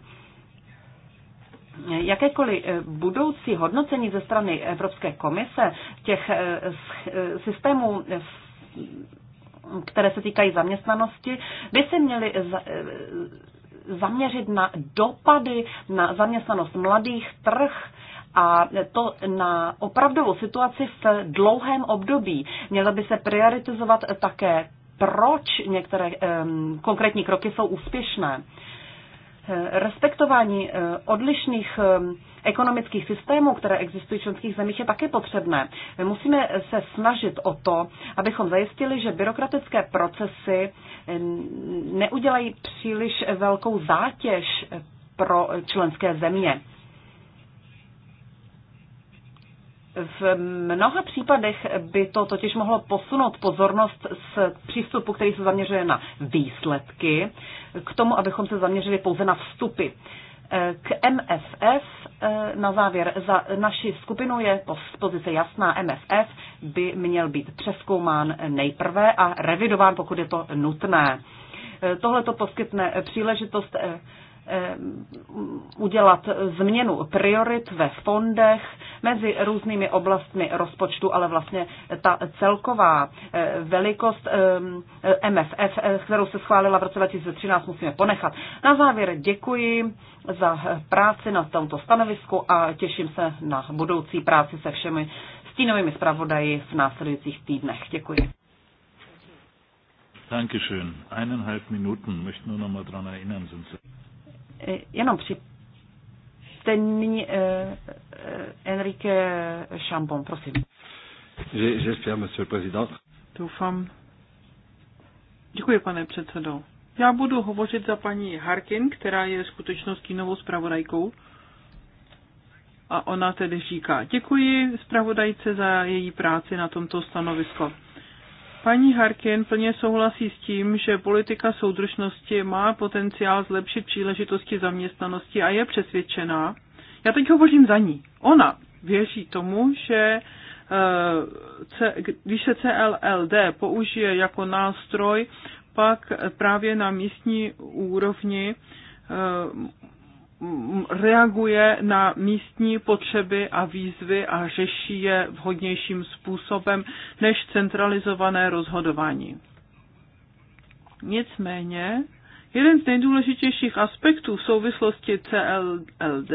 Jakékoliv budoucí hodnocení ze strany Evropské komise těch systémů které se týkají zaměstnanosti, by se měly eh, zaměřit na dopady na zaměstnanost mladých, trh, a to na opravdovou situaci v dlouhém období. Měla by se prioritizovat také, proč některé um, konkrétní kroky jsou úspěšné. Eh, respektování eh, odlišných ehm, ekonomických systémů, které existují v členských zemích, je také potřebné. My musíme se snažit o to, abychom zajistili, že byrokratické procesy eh, neudělají příliš velkou zátěž pro členské země. V mnoha případech by to totiž mohlo posunout pozornost z přístupu, který se zaměřuje na výsledky, k tomu, abychom se zaměřili pouze na vstupy. Eh, k MFF Eh, na závěr, za naši skupinu je pozice jasná, MFF by měl být přeskoumán nejprve a revidován, pokud je to nutné. Eh, tohle to poskytne příležitost eh, Eh, udělat změnu priorit ve fondech mezi různými oblastmi rozpočtu, ale vlastně ta celková eh, velikost eh, MFF, kterou se schválila v roce 2013, musíme ponechat. Na závěr děkuji za práci na tomto stanovisku a těším se na budoucí práci se všemi stínovými zpravodaji v následujících týdnech. Děkuji. Dankeschön. Eineinhalb Minuten. Möchte nur noch mal daran erinnern, sind Sie jenom při ten nyní eh, eh, Enrique Chambon, prosím. J'espère, monsieur le président. Doufám. Děkuji, pane předsedo. Já budu hovořit za paní Harkin, která je skutečností novou zpravodajkou. A ona tedy říká, děkuji zpravodajce za její práci na tomto stanovisko. Paní Harkin plně souhlasí s tím, že politika soudržnosti má potenciál zlepšit příležitosti zaměstnanosti a je přesvědčená. Já teď hovořím za ní. Ona věří tomu, že eh, když se CLLD použije jako nástroj, pak právě na místní úrovni eh, reaguje na místní potřeby a výzvy a řeší je vhodnějším způsobem než centralizované rozhodování. Nicméně, jeden z nejdůležitějších aspektů v souvislosti CLLD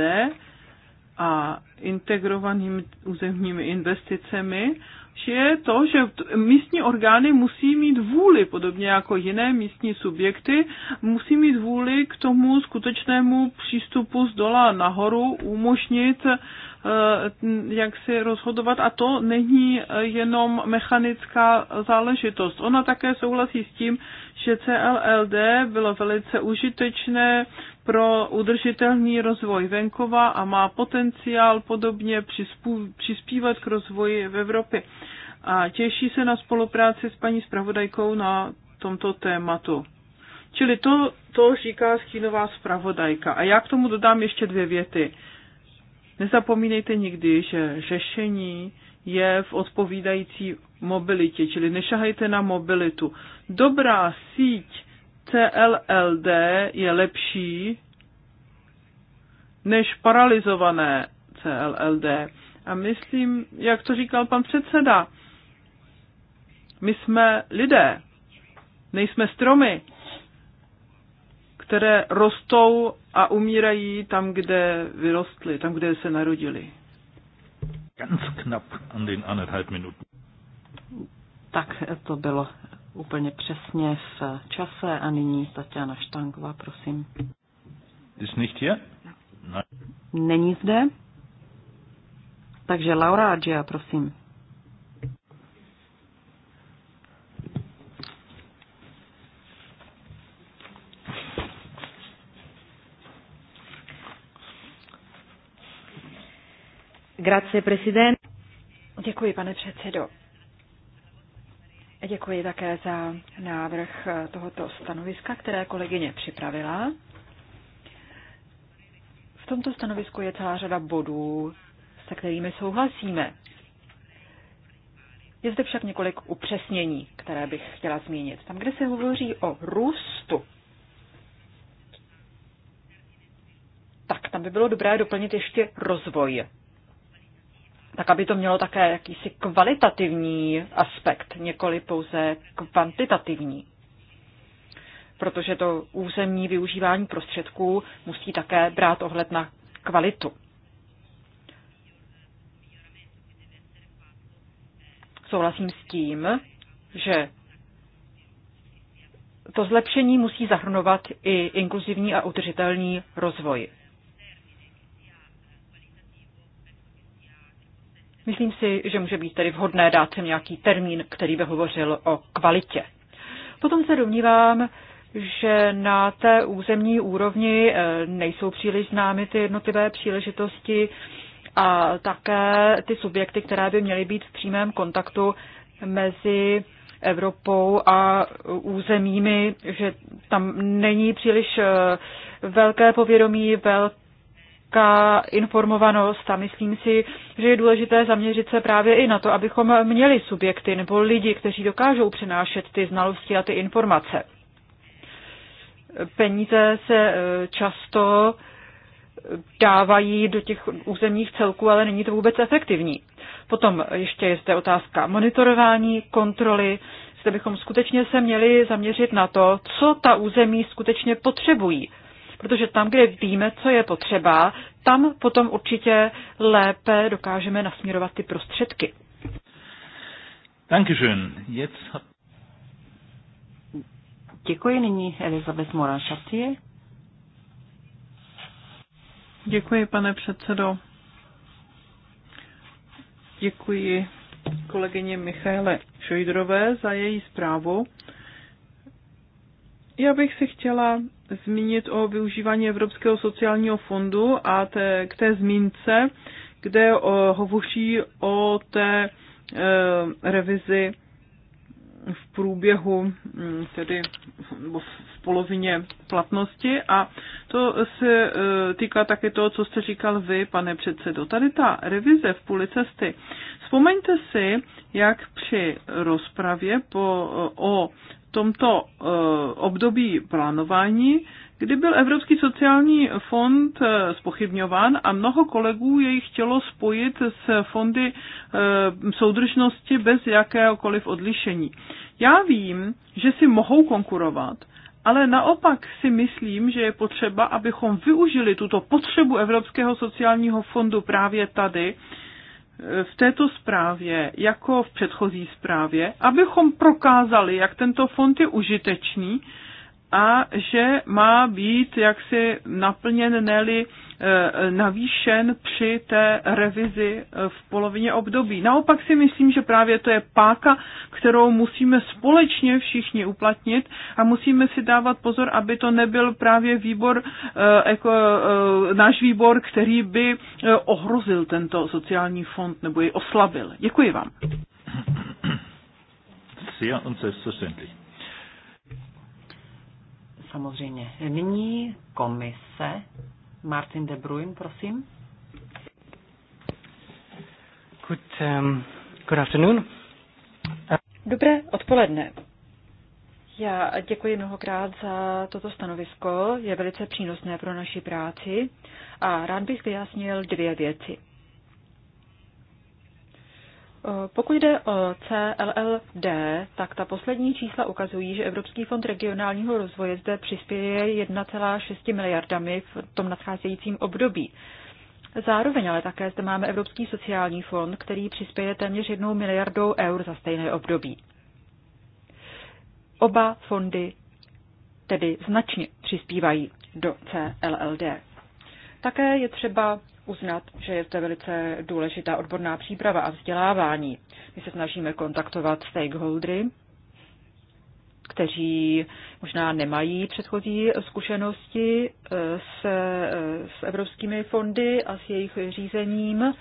a integrovanými územními investicemi, že je to, že místní orgány musí mít vůli, podobně jako jiné místní subjekty, musí mít vůli k tomu skutečnému přístupu z dola nahoru, umožnit eh, jak si rozhodovat a to není jenom mechanická záležitost. Ona také souhlasí s tím, že CLLD bylo velice užitečné pro udržitelný rozvoj venkova a má potenciál podobně přispívat k rozvoji v Evropě. A těší se na spolupráci s paní spravodajkou na tomto tématu. Čili to, to říká stínová spravodajka. A já k tomu dodám ještě dvě věty. Nezapomínejte nikdy, že řešení je v odpovídající mobilitě, čili nešahejte na mobilitu. Dobrá síť CLLD je lepší než paralizované CLLD. A myslím, jak to říkal pan předseda, my jsme lidé, nejsme stromy, které rostou a umírají tam, kde vyrostly, tam, kde se narodili. Ganz knapp an den anderthalb Minuten. Tak to bylo úplně přesně v čase a nyní Tatiana Štanková, prosím. Ist nicht hier? No. Není zde? Takže Laura Adžia, prosím. Grazie, presidente. Děkuji, pane předsedo. Děkuji také za návrh tohoto stanoviska, které kolegyně připravila. V tomto stanovisku je celá řada bodů, se kterými souhlasíme. Je zde však několik upřesnění, které bych chtěla zmínit. Tam, kde se hovoří o růstu, tak tam by bylo dobré doplnit ještě rozvoj tak aby to mělo také jakýsi kvalitativní aspekt, několik pouze kvantitativní. Protože to územní využívání prostředků musí také brát ohled na kvalitu. Souhlasím s tím, že to zlepšení musí zahrnovat i inkluzivní a udržitelný rozvoj. Myslím si, že může být tedy vhodné dát sem nějaký termín, který by hovořil o kvalitě. Potom se domnívám, že na té územní úrovni eh, nejsou příliš známy ty jednotlivé příležitosti a také ty subjekty, které by měly být v přímém kontaktu mezi Evropou a územími, že tam není příliš eh, velké povědomí, velké nízká informovanost a myslím si, že je důležité zaměřit se právě i na to, abychom měli subjekty nebo lidi, kteří dokážou přinášet ty znalosti a ty informace. Peníze se e, často dávají do těch územních celků, ale není to vůbec efektivní. Potom ještě je zde otázka monitorování, kontroly. Zde bychom skutečně se měli zaměřit na to, co ta území skutečně potřebují protože tam, kde víme, co je potřeba, tam potom určitě lépe dokážeme nasměrovat ty prostředky. Dankeschön. Jetzt... Děkuji nyní Elizabeth moran -Chartier. Děkuji, pane předsedo. Děkuji kolegyně Michaele Šojdrové za její zprávu. Já bych se chtěla zmínit o využívání Evropského sociálního fondu a té, k té zmínce, kde o, hovoří o té e, revizi v průběhu, mm, tedy nebo v polovině platnosti a to se e, týká také toho, co jste říkal vy, pane předsedo. Tady ta revize v půli cesty. Vzpomeňte si, jak při rozpravě po, o tomto eh, období plánování, kdy byl Evropský sociální fond eh, spochybňován a mnoho kolegů jej chtělo spojit s fondy eh, soudržnosti bez jakéhokoliv odlišení. Já vím, že si mohou konkurovat, ale naopak si myslím, že je potřeba, abychom využili tuto potřebu Evropského sociálního fondu právě tady, v této zprávě, jako v předchozí zprávě, abychom prokázali, jak tento fond je užitečný a že má být jaksi naplněn, neli eh, navýšen při té revizi eh, v polovině období. Naopak si myslím, že právě to je páka, kterou musíme společně všichni uplatnit a musíme si dávat pozor, aby to nebyl právě výbor, jako, náš výbor, který by ohrozil tento sociální fond nebo jej oslabil. Děkuji vám. Sehr und selbstverständlich samozřejmě. Nyní komise. Martin de Bruin, prosím. Good, um, good afternoon. Dobré odpoledne. Já děkuji mnohokrát za toto stanovisko, je velice přínosné pro naši práci a rád bych vyjasnil dvě věci. Eh, pokud jde o CLLD, tak ta poslední čísla ukazují, že Evropský fond regionálního rozvoje zde přispěje 1,6 miliardami v tom nadcházejícím období. Zároveň ale také zde máme Evropský sociální fond, který přispěje téměř jednou miliardou eur za stejné období. Oba fondy tedy značně přispívají do CLLD. Také je třeba uznat, že je to velice důležitá odborná příprava a vzdělávání. My se snažíme kontaktovat stakeholdery, kteří možná nemají předchozí zkušenosti eh, se, eh, s evropskými fondy a s jejich řízením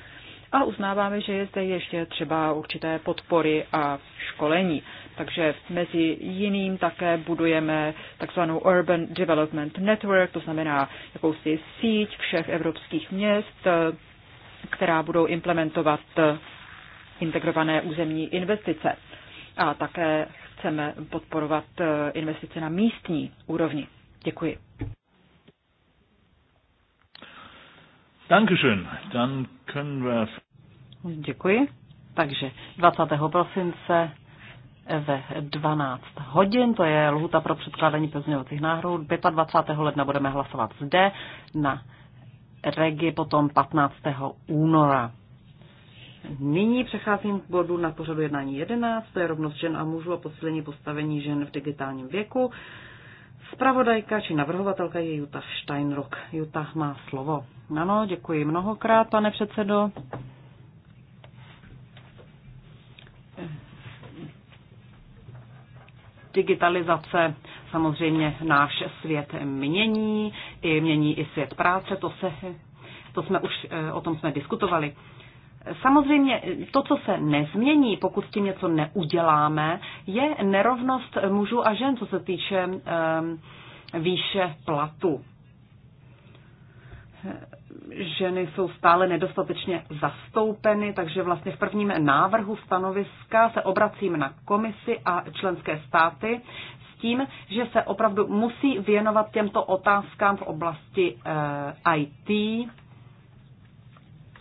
a uznáváme, že je zde ještě třeba určité podpory a školení. Takže mezi jiným také budujeme takzvanou Urban Development Network, to znamená jakousi síť všech evropských měst, která budou implementovat integrované územní investice. A také chceme podporovat investice na místní úrovni. Děkuji. Dankeschön. Dann können wir... Děkuji. Takže 20. prosince ve 12 hodin, to je lhuta pro předkládání pozměňovacích náhrod. 25. ledna budeme hlasovat zde, na regi potom 15. února. Nyní přecházím k bodu na pořadu jednání 11, to je rovnost žen a mužů a posílení postavení žen v digitálním věku. Spravodajka či navrhovatelka je Juta Steinrock. Juta má slovo. Ano, děkuji mnohokrát, pane předsedo. digitalizace samozřejmě náš svět mění, i mění i svět práce, to, se, to jsme už, eh, o tom jsme diskutovali. Samozřejmě to, co se nezmění, pokud s tím něco neuděláme, je nerovnost mužů a žen, co se týče um, výše platu ženy jsou stále nedostatečně zastoupeny, takže vlastně v prvním návrhu stanoviska se obracím na komisi a členské státy s tím, že se opravdu musí věnovat těmto otázkám v oblasti eh, IT,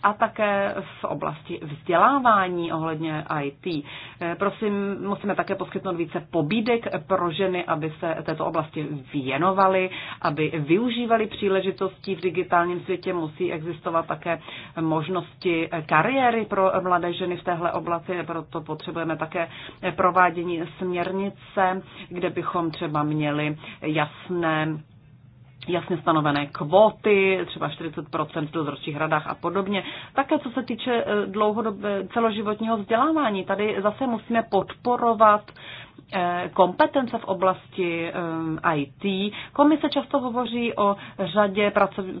a také v oblasti vzdělávání ohledně IT. Eh, prosím, musíme také poskytnout více pobídek pro ženy, aby se této oblasti věnovaly, aby využívali příležitostí v digitálním světě. Musí existovat také možnosti kariéry pro mladé ženy v téhle oblasti, proto potřebujeme také provádění směrnice, kde bychom třeba měli jasné jasně stanovené kvóty, třeba 40% v dozorčích radách a podobně. Také co se týče e, dlouhodobé e, celoživotního vzdělávání, tady zase musíme podporovat e, kompetence v oblasti IT. Komise často hovoří o řadě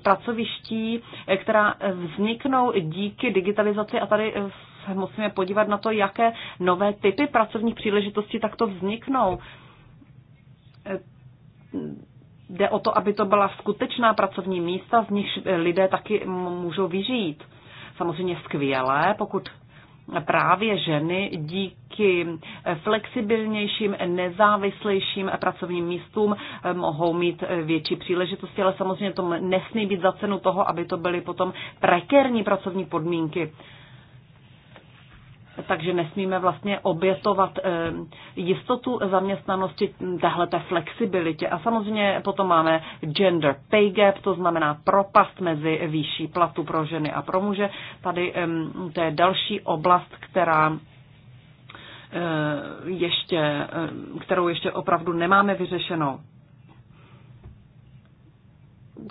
pracoviští, která vzniknou díky digitalizaci a tady se musíme podívat na to, jaké nové typy pracovních příležitostí takto vzniknou jde o to, aby to byla skutečná pracovní místa, z nichž lidé taky můžou vyžít. Samozřejmě skvělé, pokud právě ženy díky flexibilnějším, nezávislejším pracovním místům eh, mohou mít eh, větší příležitosti, ale samozřejmě to nesmí být za cenu toho, aby to byly potom prekérní pracovní podmínky takže nesmíme vlastně obětovat eh, jistotu zaměstnanosti té flexibilitě. A samozřejmě potom máme gender pay gap, to znamená propast mezi výší platu pro ženy a pro muže. Tady to je další oblast, která eh, ještě, eh, kterou ještě opravdu nemáme vyřešenou.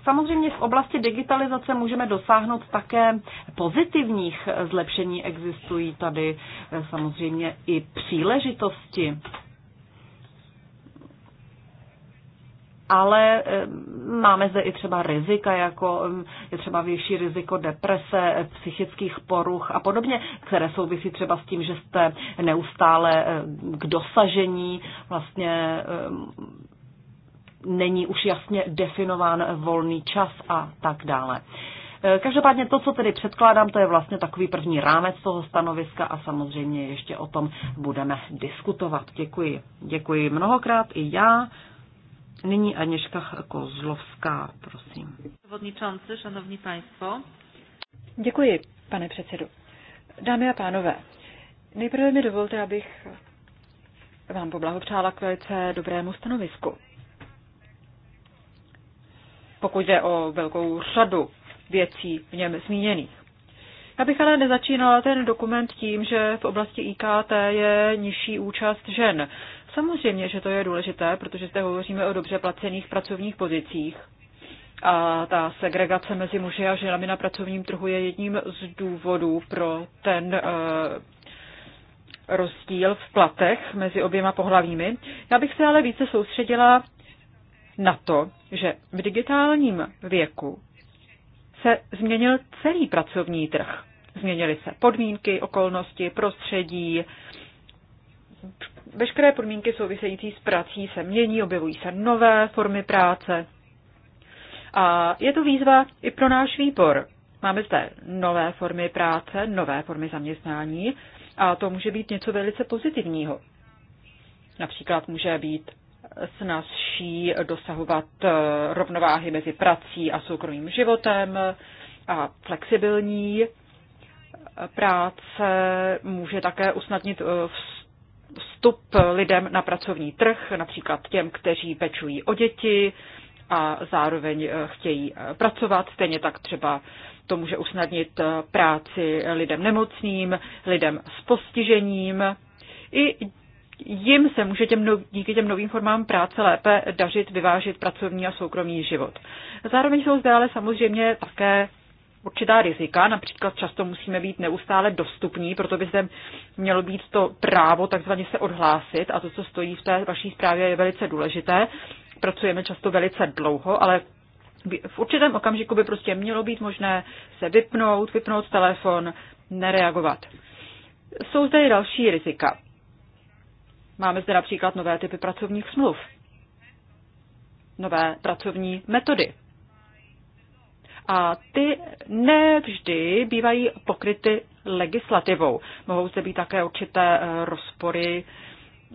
Samozřejmě v oblasti digitalizace můžeme dosáhnout také pozitivních zlepšení. Existují tady eh, samozřejmě i příležitosti. ale eh, máme zde i třeba rizika, jako eh, je třeba větší riziko deprese, psychických poruch a podobně, které souvisí třeba s tím, že jste neustále k dosažení vlastně není už jasně definován volný čas a tak dále. E, každopádně to, co tedy předkládám, to je vlastně takový první rámec toho stanoviska a samozřejmě ještě o tom budeme diskutovat. Děkuji. Děkuji mnohokrát i já. Nyní Aněška Kozlovská, prosím. Vodničanci, šanovní państwo. Děkuji, pane předsedu. Dámy a pánové, nejprve mi dovolte, abych vám poblahopřála k velice dobrému stanovisku pokud jde o velkou řadu věcí v něm zmíněných. Já bych ale nezačínala ten dokument tím, že v oblasti IKT je nižší účast žen. Samozřejmě, že to je důležité, protože zde hovoříme o dobře placených pracovních pozicích. A ta segregace mezi muži a ženami na pracovním trhu je jedním z důvodů pro ten eh, rozdíl v platech mezi oběma pohlavími. Já bych se ale více soustředila na to, že v digitálním věku se změnil celý pracovní trh. Změnily se podmínky, okolnosti, prostředí, veškeré podmínky související s prací se mění, objevují se nové formy práce. A je to výzva i pro náš výbor. Máme zde nové formy práce, nové formy zaměstnání a to může být něco velice pozitivního. Například může být snazší dosahovat eh, rovnováhy mezi prací a soukromým životem a flexibilní eh, práce může také usnadnit eh, vstup lidem na pracovní trh, například těm, kteří pečují o děti a zároveň chtějí pracovat. Stejně tak třeba to může usnadnit práci lidem nemocným, lidem s postižením. I jim se může těm no, díky těm novým formám práce lépe dařit vyvážit pracovní a soukromý život. Zároveň jsou zde ale samozřejmě také určitá rizika, například často musíme být neustále dostupní, proto by zde mělo být to právo takzvaně se odhlásit a to, co stojí v té vaší zprávě, je velice důležité. Pracujeme často velice dlouho, ale v určitém okamžiku by prostě mělo být možné se vypnout, vypnout telefon, nereagovat. Jsou zde i další rizika. Máme zde například nové typy pracovních smluv, nové pracovní metody. A ty nevždy bývají pokryty legislativou. Mohou zde být také určité eh, rozpory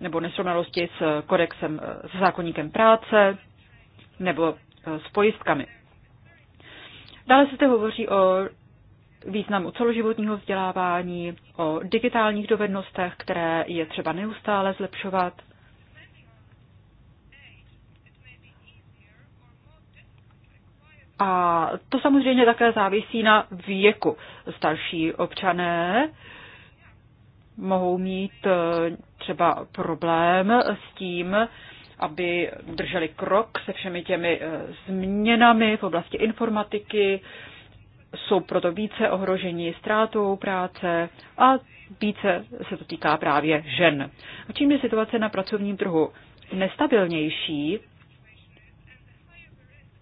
nebo nesrovnalosti s kodexem, eh, s zákonníkem práce nebo eh, s pojistkami. Dále se zde hovoří o významu celoživotního vzdělávání, o digitálních dovednostech, které je třeba neustále zlepšovat. A to samozřejmě také závisí na věku. Starší občané mohou mít eh, třeba problém s tím, aby drželi krok se všemi těmi eh, změnami v oblasti informatiky, jsou proto více ohroženi ztrátou práce a více se to týká právě žen. A čím je situace na pracovním trhu nestabilnější,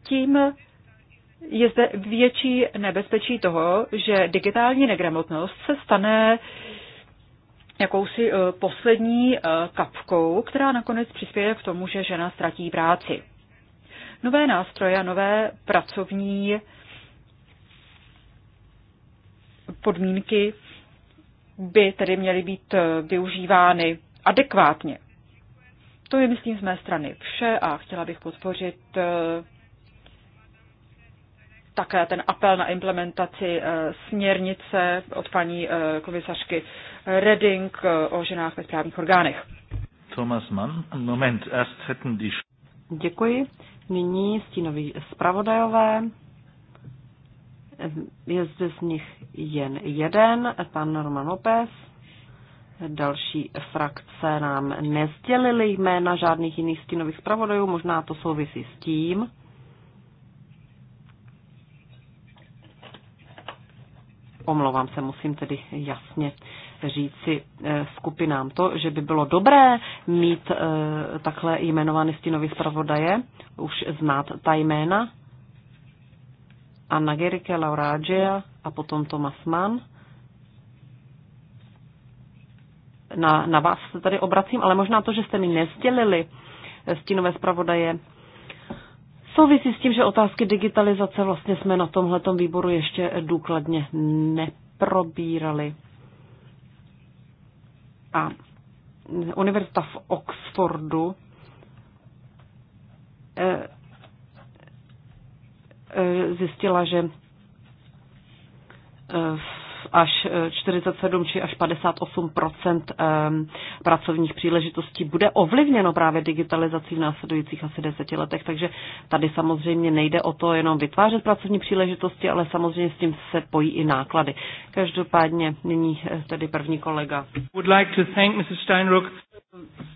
tím je zde větší nebezpečí toho, že digitální negramotnost se stane jakousi eh, poslední eh, kapkou, která nakonec přispěje k tomu, že žena ztratí práci. Nové nástroje a nové pracovní podmínky by tedy měly být eh, využívány adekvátně. To je, myslím, z mé strany vše a chtěla bych podpořit eh, také ten apel na implementaci eh, směrnice od paní komisařky Reding o ženách ve správních orgánech. Thomas Mann, moment, erst hätten die... Děkuji. Nyní stínoví zpravodajové. Je zde z nich jen jeden, pan Norman López. Další frakce nám nezdělili jména žádných jiných stínových zpravodajů, možná to souvisí s tím, omlouvám se, musím tedy jasně říci eh, skupinám to, že by bylo dobré mít eh, takhle jmenované stínové zpravodaje, už znát ta jména, Anna Gerike, Laura Adžea a potom Tomas Mann. Na, na vás se tady obracím, ale možná to, že jste mi nezdělili stínové zpravodaje, souvisí s tím, že otázky digitalizace vlastně jsme na tomhletom výboru ještě důkladně neprobírali. A univerzita v Oxfordu eh, Eh, zjistila, že eh, až 47 eh, či až 58 pracovních příležitostí bude ovlivněno právě digitalizací v následujících asi deseti letech. Takže tady samozřejmě nejde o to jenom vytvářet pracovní příležitosti, ale samozřejmě s tím se pojí i náklady. Každopádně nyní tedy první kolega. Would like to thank Mrs.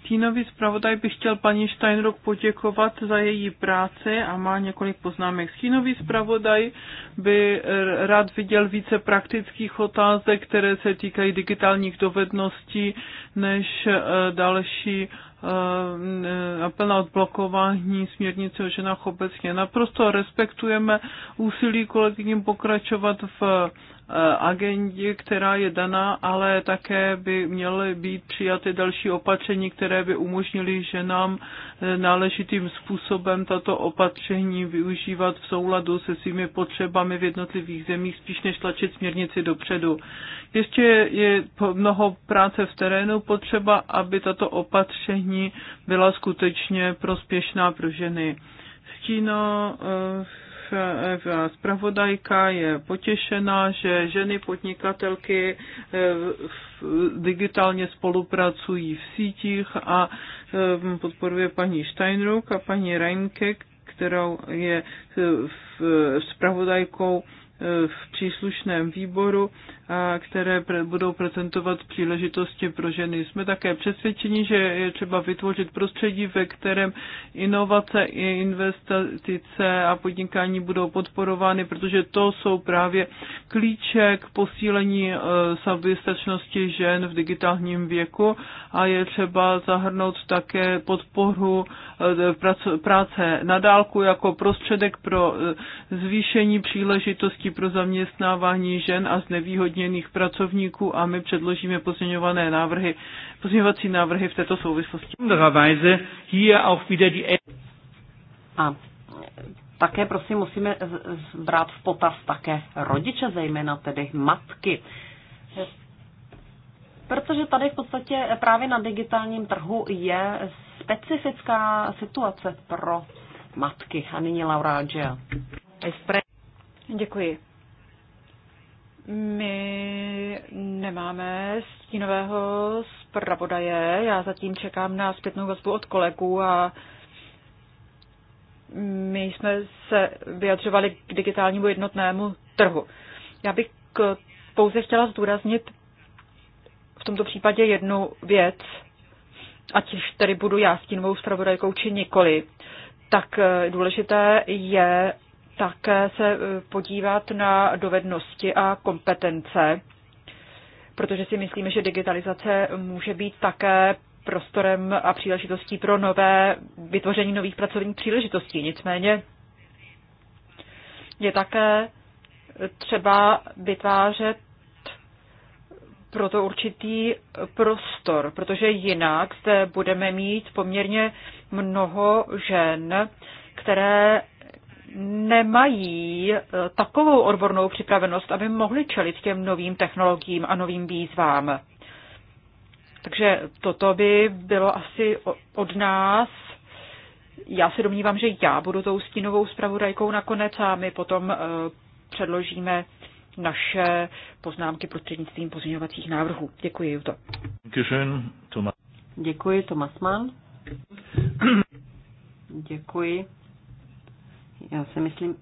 Týnový zpravodaj bych chtěl paní Steinrock poděkovat za její práci a má několik poznámek. Stínový zpravodaj by rád viděl více praktických otázek, které se týkají digitálních dovedností, než eh, další eh, apel na odblokování směrnice o ženách obecně. Naprosto respektujeme úsilí kolegyním pokračovat v Eh, agendě, která je daná, ale také by měly být přijaty další opatření, které by umožnily ženám eh, náležitým způsobem tato opatření využívat v souladu se svými potřebami v jednotlivých zemích, spíš než tlačit směrnici dopředu. Ještě je mnoho práce v terénu potřeba, aby tato opatření byla skutečně prospěšná pro ženy. Stíno zpravodajka je potěšena, že ženy podnikatelky eh, digitálně spolupracují v sítích a eh, podporuje paní Steinruck a paní Reinke, kterou je eh, zpravodajkou v příslušném výboru které budou prezentovat příležitosti pro ženy. Jsme také přesvědčeni, že je třeba vytvořit prostředí, ve kterém inovace, investice a podnikání budou podporovány, protože to jsou právě klíče k posílení e, soběstačnosti žen v digitálním věku a je třeba zahrnout také podporu e, práce na dálku jako prostředek pro e, zvýšení příležitostí pro zaměstnávání žen a znevýhodnění zúčastněných pracovníků a my předložíme pozměňované návrhy, pozměňovací návrhy v této souvislosti. A také prosím musíme brát v potaz také rodiče, zejména tedy matky. Protože tady v podstatě právě na digitálním trhu je specifická situace pro matky. A nyní Laura Gea. Děkuji. My nemáme stínového zpravodaje. Já zatím čekám na zpětnou vazbu od kolegů a my jsme se vyjadřovali k digitálnímu jednotnému trhu. Já bych pouze chtěla zdůraznit v tomto případě jednu věc, ať už tedy budu já stínovou zpravodajkou či nikoli, tak eh, důležité je také se eh, podívat na dovednosti a kompetence, protože si myslíme, že digitalizace může být také prostorem a příležitostí pro nové vytvoření nových pracovních příležitostí. Nicméně je také třeba vytvářet proto určitý prostor, protože jinak zde budeme mít poměrně mnoho žen, které nemají eh, takovou odbornou připravenost, aby mohli čelit těm novým technologiím a novým výzvám. Takže toto by bylo asi od nás. Já se domnívám, že já budu tou stínovou zpravodajkou nakonec a my potom eh, předložíme naše poznámky prostřednictvím pozměňovacích návrhů. Děkuji, Juto. Děkuji, Tomas Mann. Děkuji. Já si myslím,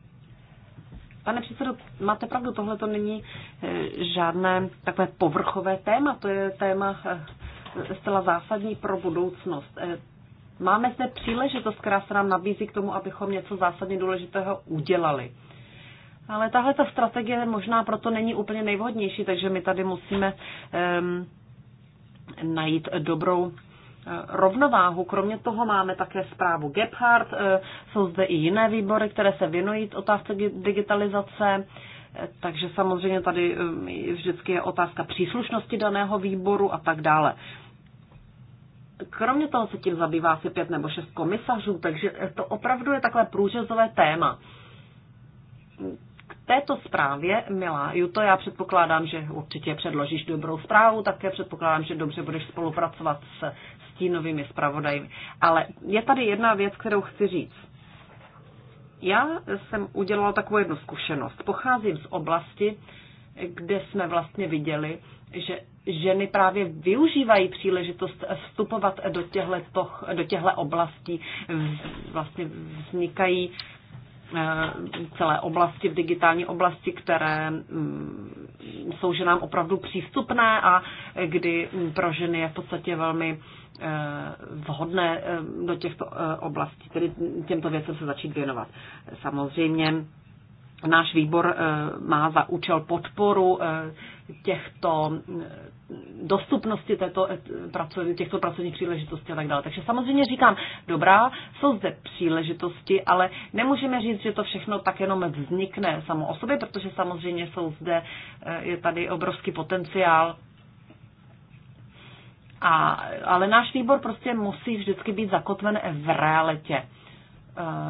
Pane předsedo, máte pravdu, tohle to není eh, žádné takové povrchové téma, to je téma eh, zcela zásadní pro budoucnost. Eh, máme zde příležitost, která se nám nabízí k tomu, abychom něco zásadně důležitého udělali. Ale tahle ta strategie možná proto není úplně nejvhodnější, takže my tady musíme um, najít dobrou rovnováhu. Kromě toho máme také zprávu Gebhardt, eh, jsou zde i jiné výbory, které se věnují otázce digitalizace, eh, takže samozřejmě tady eh, vždycky je otázka příslušnosti daného výboru a tak dále. Kromě toho se tím zabývá asi pět nebo šest komisařů, takže to opravdu je takové průřezové téma. K této zprávě, milá Juto, já předpokládám, že určitě předložíš dobrou zprávu, také předpokládám, že dobře budeš spolupracovat s stínovými zpravodaji. Ale je tady jedna věc, kterou chci říct. Já jsem udělala takovou jednu zkušenost. Pocházím z oblasti, kde jsme vlastně viděli, že ženy právě využívají příležitost vstupovat do těchto, do těchto oblastí. Vlastně vznikají eh, celé oblasti v digitální oblasti, které mm, jsou ženám opravdu přístupné a kdy pro ženy je v podstatě velmi Eh, vhodné eh, do těchto eh, oblastí, tedy těmto věcem se začít věnovat. Samozřejmě náš výbor má za účel podporu těchto dostupnosti této, těchto pracovních příležitostí a tak dále. Takže samozřejmě říkám, dobrá, jsou zde příležitosti, ale nemůžeme říct, že to všechno tak jenom vznikne samo o sobě, protože samozřejmě jsou zde, je tady obrovský potenciál a, ale náš výbor prostě musí vždycky být zakotven v realitě. E,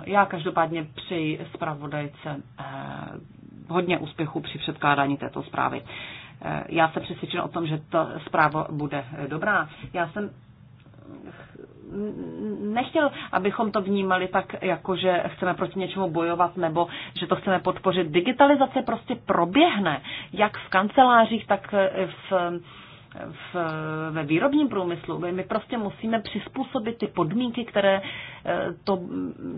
já každopádně při zpravodajce e, hodně úspěchu při předkládání této zprávy. E, já jsem přesvědčen o tom, že ta zpráva bude dobrá. Já jsem nechtěl, abychom to vnímali tak, jako že chceme proti něčemu bojovat nebo že to chceme podpořit. Digitalizace prostě proběhne, jak v kancelářích, tak v v, ve výrobním průmyslu. My prostě musíme přizpůsobit ty podmínky, které eh, to,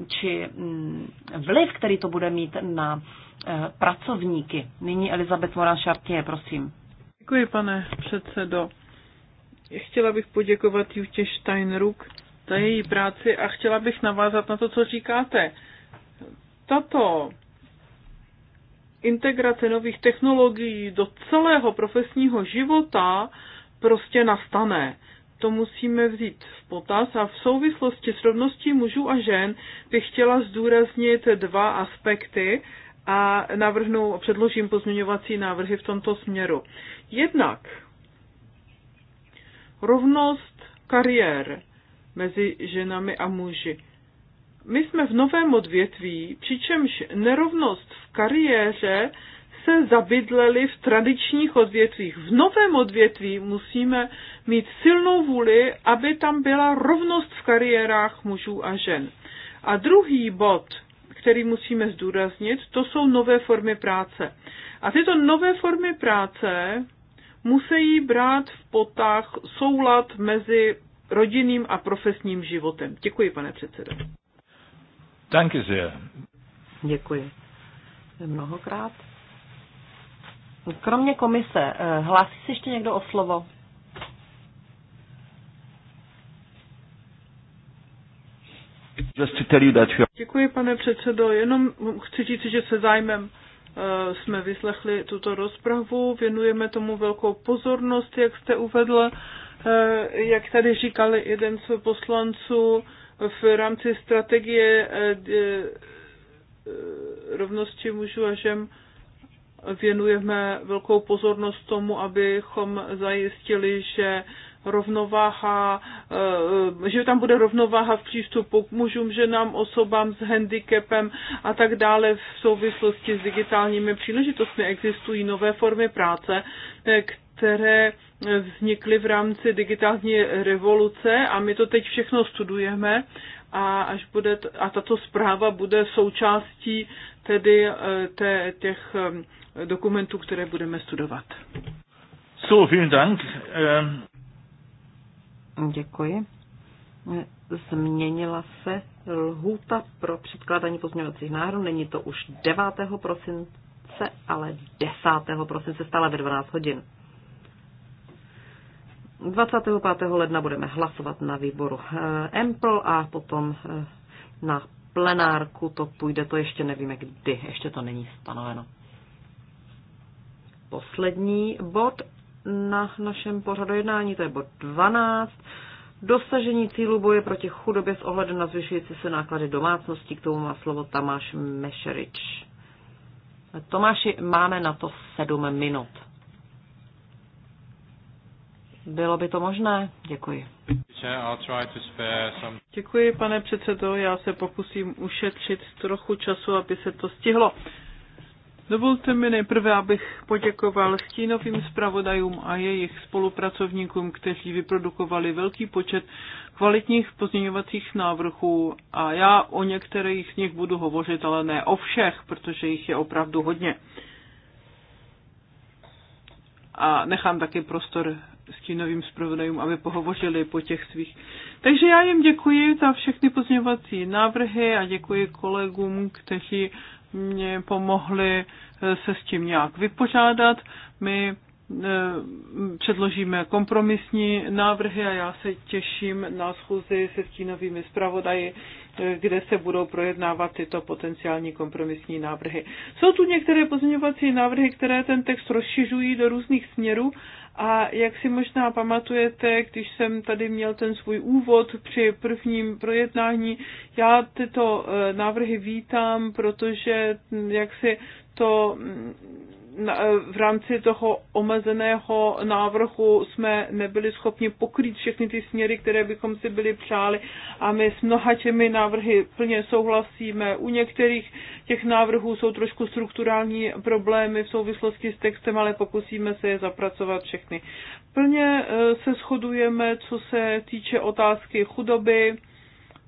či mm, vliv, který to bude mít na eh, pracovníky. Nyní Elizabeth Moran Šartě, prosím. Děkuji, pane předsedo. Chtěla bych poděkovat Jutě Steinruck za její práci a chtěla bych navázat na to, co říkáte. Tato integrace nových technologií do celého profesního života prostě nastane. To musíme vzít v potaz a v souvislosti s rovností mužů a žen bych chtěla zdůraznit dva aspekty a navrhnu, předložím pozměňovací návrhy v tomto směru. Jednak rovnost kariér mezi ženami a muži my jsme v novém odvětví, přičemž nerovnost v kariéře se zabydleli v tradičních odvětvích. V novém odvětví musíme mít silnou vůli, aby tam byla rovnost v kariérách mužů a žen. A druhý bod, který musíme zdůraznit, to jsou nové formy práce. A tyto nové formy práce musí brát v potah soulad mezi rodinným a profesním životem. Děkuji, pane předsedo. Danke sehr. Děkuji. Mnohokrát. Kromě komise, eh, hlásí se ještě někdo o slovo? Děkuji, pane předsedo. Jenom chci říct, že se zájmem eh, jsme vyslechli tuto rozpravu, věnujeme tomu velkou pozornost, jak jste uvedl, eh, jak tady říkali jeden z poslanců, v rámci strategie eh, eh, rovnosti mužů a žen věnujeme velkou pozornost tomu, abychom zajistili, že rovnováha, eh, že tam bude rovnováha v přístupu k mužům, ženám, osobám s handicapem a tak dále v souvislosti s digitálními příležitostmi. Existují nové formy práce, které které vznikly v rámci digitální revoluce a my to teď všechno studujeme a, až bude, a tato zpráva bude součástí tedy eh, te, těch eh, dokumentů, které budeme studovat. So, vielen Dank. Ähm, Děkuji. Změnila se lhůta pro předkládání pozměňovacích návrhů. Není to už 9. prosince, ale 10. prosince stále ve 12 hodin. 25. ledna budeme hlasovat na výboru eh, EMPL a potom eh, na plenárku to půjde, to ještě nevíme kdy, ještě to není stanoveno. Poslední bod na našem pořadu jednání, to je bod 12. Dosažení cílu boje proti chudobě s ohledem na zvyšující se náklady domácností, k tomu má slovo Tamáš Mešerič. Tomáši, máme na to sedm minut. Bylo by to možné? Děkuji. Děkuji, pane předsedo. Já se pokusím ušetřit trochu času, aby se to stihlo. Dovolte mi nejprve, abych poděkoval stínovým zpravodajům a jejich spolupracovníkům, kteří vyprodukovali velký počet kvalitních pozměňovacích návrhů a já o některých z nich budu hovořit, ale ne o všech, protože jich je opravdu hodně. A nechám taky prostor stínovým zpravodajům, aby pohovořili po těch svých. Takže já jim děkuji za všechny pozměňovací návrhy a děkuji kolegům, kteří mě pomohli eh, se s tím nějak vypořádat. My Eh, předložíme kompromisní návrhy a já se těším na schůzi se stínovými zpravodaji, eh, kde se budou projednávat tyto potenciální kompromisní návrhy. Jsou tu některé pozměňovací návrhy, které ten text rozšiřují do různých směrů a jak si možná pamatujete, když jsem tady měl ten svůj úvod při prvním projednání, já tyto eh, návrhy vítám, protože hm, jak si to hm, Eh, v rámci toho omezeného návrhu jsme nebyli schopni pokrýt všechny ty směry, které bychom si byli přáli a my s mnoha těmi návrhy plně souhlasíme. U některých těch návrhů jsou trošku strukturální problémy v souvislosti s textem, ale pokusíme se je zapracovat všechny. Plně eh, se shodujeme, co se týče otázky chudoby,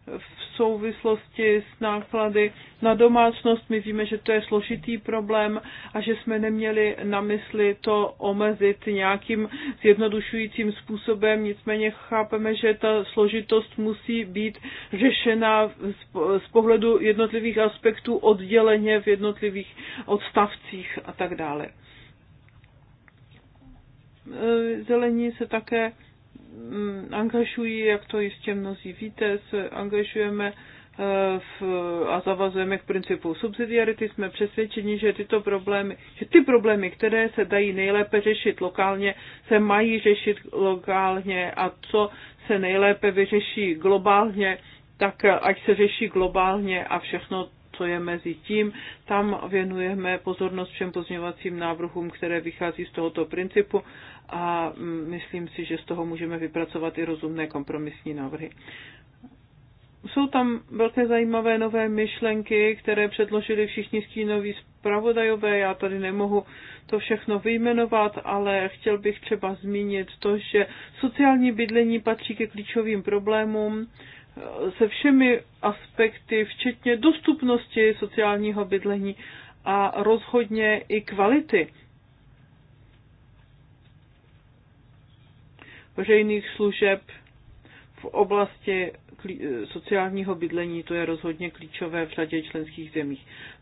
v souvislosti s náklady na domácnost. My víme, že to je složitý problém a že jsme neměli na mysli to omezit nějakým zjednodušujícím způsobem, nicméně chápeme, že ta složitost musí být řešena z pohledu jednotlivých aspektů odděleně v jednotlivých odstavcích a tak dále. Zelení se také Mm, angažují, jak to jistě mnozí víte, se angažujeme eh, v, a zavazujeme k principu subsidiarity, jsme přesvědčeni, že tyto problémy, že ty problémy, které se dají nejlépe řešit lokálně, se mají řešit lokálně a co se nejlépe vyřeší globálně, tak ať se řeší globálně a všechno co je mezi tím. Tam věnujeme pozornost všem pozměňovacím návrhům, které vychází z tohoto principu a myslím si, že z toho můžeme vypracovat i rozumné kompromisní návrhy. Jsou tam velké zajímavé nové myšlenky, které předložili všichni stínoví zpravodajové. Já tady nemohu to všechno vyjmenovat, ale chtěl bych třeba zmínit to, že sociální bydlení patří ke klíčovým problémům se všemi aspekty, včetně dostupnosti sociálního bydlení a rozhodně i kvality veřejných služeb v oblasti sociálního bydlení, to je rozhodně klíčové v řadě členských zemí.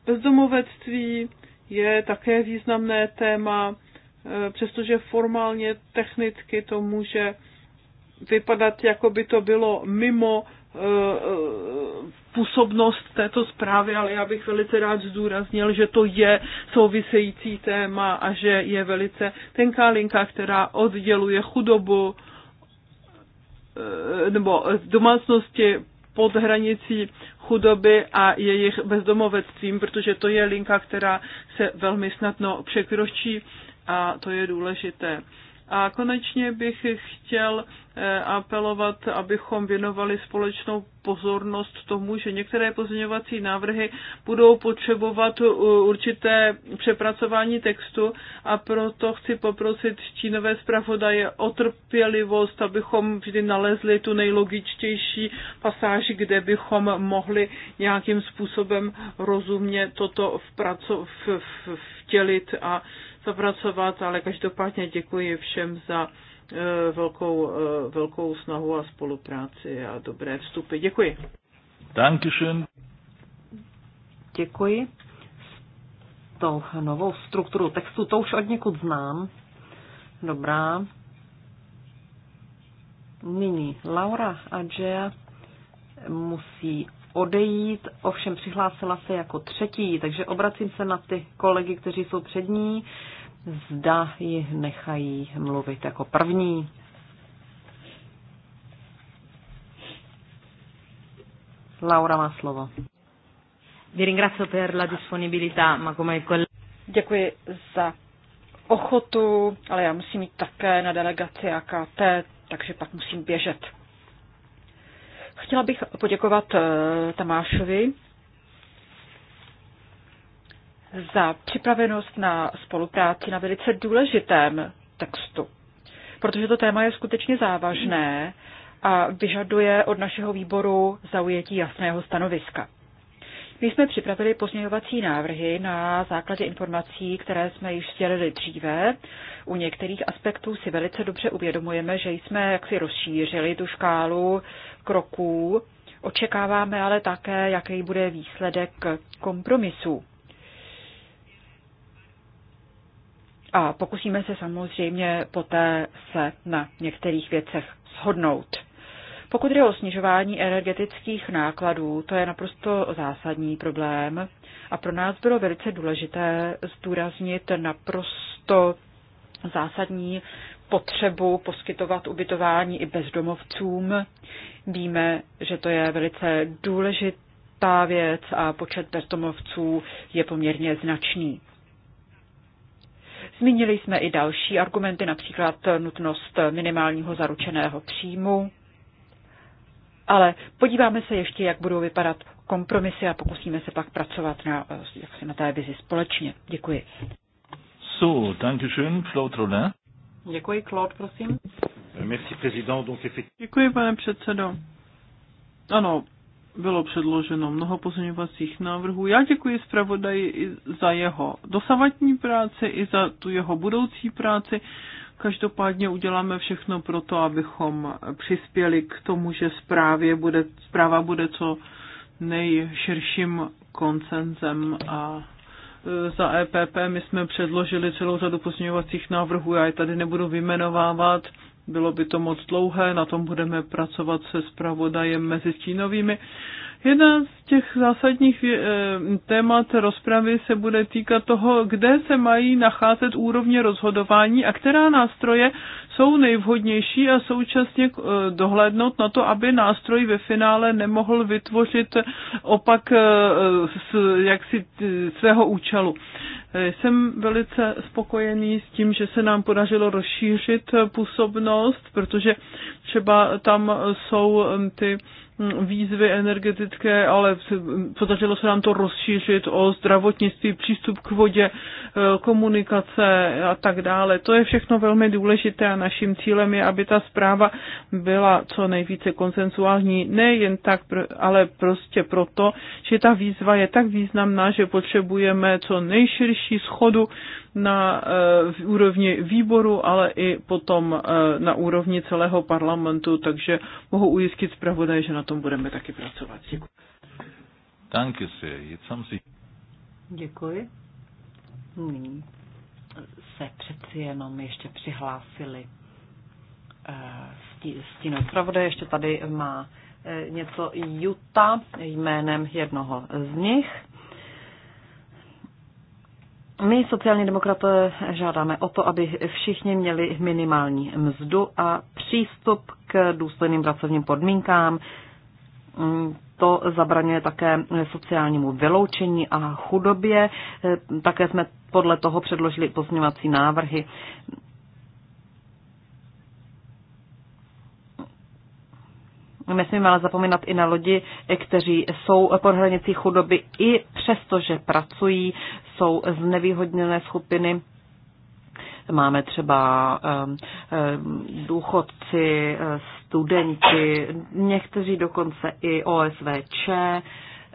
Bezdomovectví je také významné téma, e, přestože formálně technicky to může vypadat, jako by to bylo mimo Eh, působnost této zprávy, ale já bych velice rád zdůraznil, že to je související téma a že je velice tenká linka, která odděluje chudobu eh, nebo domácnosti pod hranicí chudoby a jejich bezdomovectvím, protože to je linka, která se velmi snadno překročí a to je důležité. A konečně bych chtěl eh, apelovat, abychom věnovali společnou pozornost tomu, že některé pozměňovací návrhy budou potřebovat určité přepracování textu a proto chci poprosit čínové zpravodaje o trpělivost, abychom vždy nalezli tu nejlogičtější pasáž, kde bychom mohli nějakým způsobem rozumně toto vpraco- v- v- vtělit a zapracovat, ale každopádně děkuji všem za e, velkou, e, velkou snahu a spolupráci a dobré vstupy. Děkuji. Dankeschön. Děkuji. S tou novou strukturu textu, to už od někud znám. Dobrá. Nyní Laura Adžea musí odejít, ovšem přihlásila se jako třetí, takže obracím se na ty kolegy, kteří jsou před ní, zda ji nechají mluvit jako první. Laura má slovo. Vi per la disponibilità, ma come il Děkuji za ochotu, ale já musím jít také na delegaci AKT, takže pak musím běžet. Chtěla bych poděkovat eh, Tamášovi za připravenost na spolupráci na velice důležitém textu, protože to téma je skutečně závažné a vyžaduje od našeho výboru zaujetí jasného stanoviska. My jsme připravili pozměňovací návrhy na základě informací, které jsme již sdělili dříve. U některých aspektů si velice dobře uvědomujeme, že jsme jaksi rozšířili tu škálu kroků. Očekáváme ale také, jaký bude výsledek kompromisu. A pokusíme se samozřejmě poté se na některých věcech shodnout. Pokud jde o snižování energetických nákladů, to je naprosto zásadní problém a pro nás bylo velice důležité zdůraznit naprosto zásadní potřebu poskytovat ubytování i bezdomovcům. Víme, že to je velice důležitá věc a počet bezdomovců je poměrně značný. Zmínili jsme i další argumenty, například nutnost minimálního zaručeného příjmu ale podíváme se ještě, jak budou vypadat kompromisy a pokusíme se pak pracovat na, eh, jak si na té vizi společně. Děkuji. So, danke schön, Claude Rodin. Děkuji, Claude, prosím. Merci, président. Donc, Děkuji, pane předsedo. Ano, bylo předloženo mnoho pozměňovacích návrhů. Já děkuji zpravodaji za jeho dosavatní práci, i za tu jeho budoucí práci. Každopádně uděláme všechno pro to, abychom přispěli k tomu, že zprávě bude, zpráva bude co nejširším koncenzem a e, za EPP my jsme předložili celou řadu pozměňovacích návrhů, já je tady nebudu vymenovávat, bylo by to moc dlouhé, na tom budeme pracovat se zpravodajem mezi stínovými Jedna z těch zásadních eh, témat rozpravy se bude týkat toho, kde se mají nacházet úrovně rozhodování a která nástroje jsou nejvhodnější a současně eh, dohlédnout na to, aby nástroj ve finále nemohl vytvořit opak eh, jaksi svého účelu. Jsem velice spokojený s tím, že se nám podařilo rozšířit působnost, protože třeba tam jsou ty výzvy energetické, ale podařilo se nám to rozšířit o zdravotnictví, přístup k vodě, e, komunikace a tak dále. To je všechno velmi důležité a naším cílem je, aby ta zpráva byla co nejvíce konsensuální, nejen tak, ale prostě proto, že ta výzva je tak významná, že potřebujeme co nejširší schodu na eh, úrovni výboru, ale i potom eh, na úrovni celého parlamentu, takže mohu ujistit zpravodaj, že na tom budeme taky pracovat. Děkuji. Danke sehr. Jetzt haben Sie... Děkuji. Nyní se přeci jenom ještě přihlásili eh, stínu zpravodaje. Ještě tady má něco Juta jménem jednoho z nich. My, sociální demokraté, žádáme o to, aby všichni měli minimální mzdu a přístup k důstojným pracovním podmínkám. To zabraňuje také sociálnímu vyloučení a chudobě. Také jsme podle toho předložili pozměňovací návrhy. Nesmíme ale zapomínat i na lidi, kteří jsou pod hranicí chudoby i přesto, že pracují, jsou znevýhodněné skupiny. Máme třeba ehm, ehm, důchodci, studenti, někteří dokonce i OSVČ,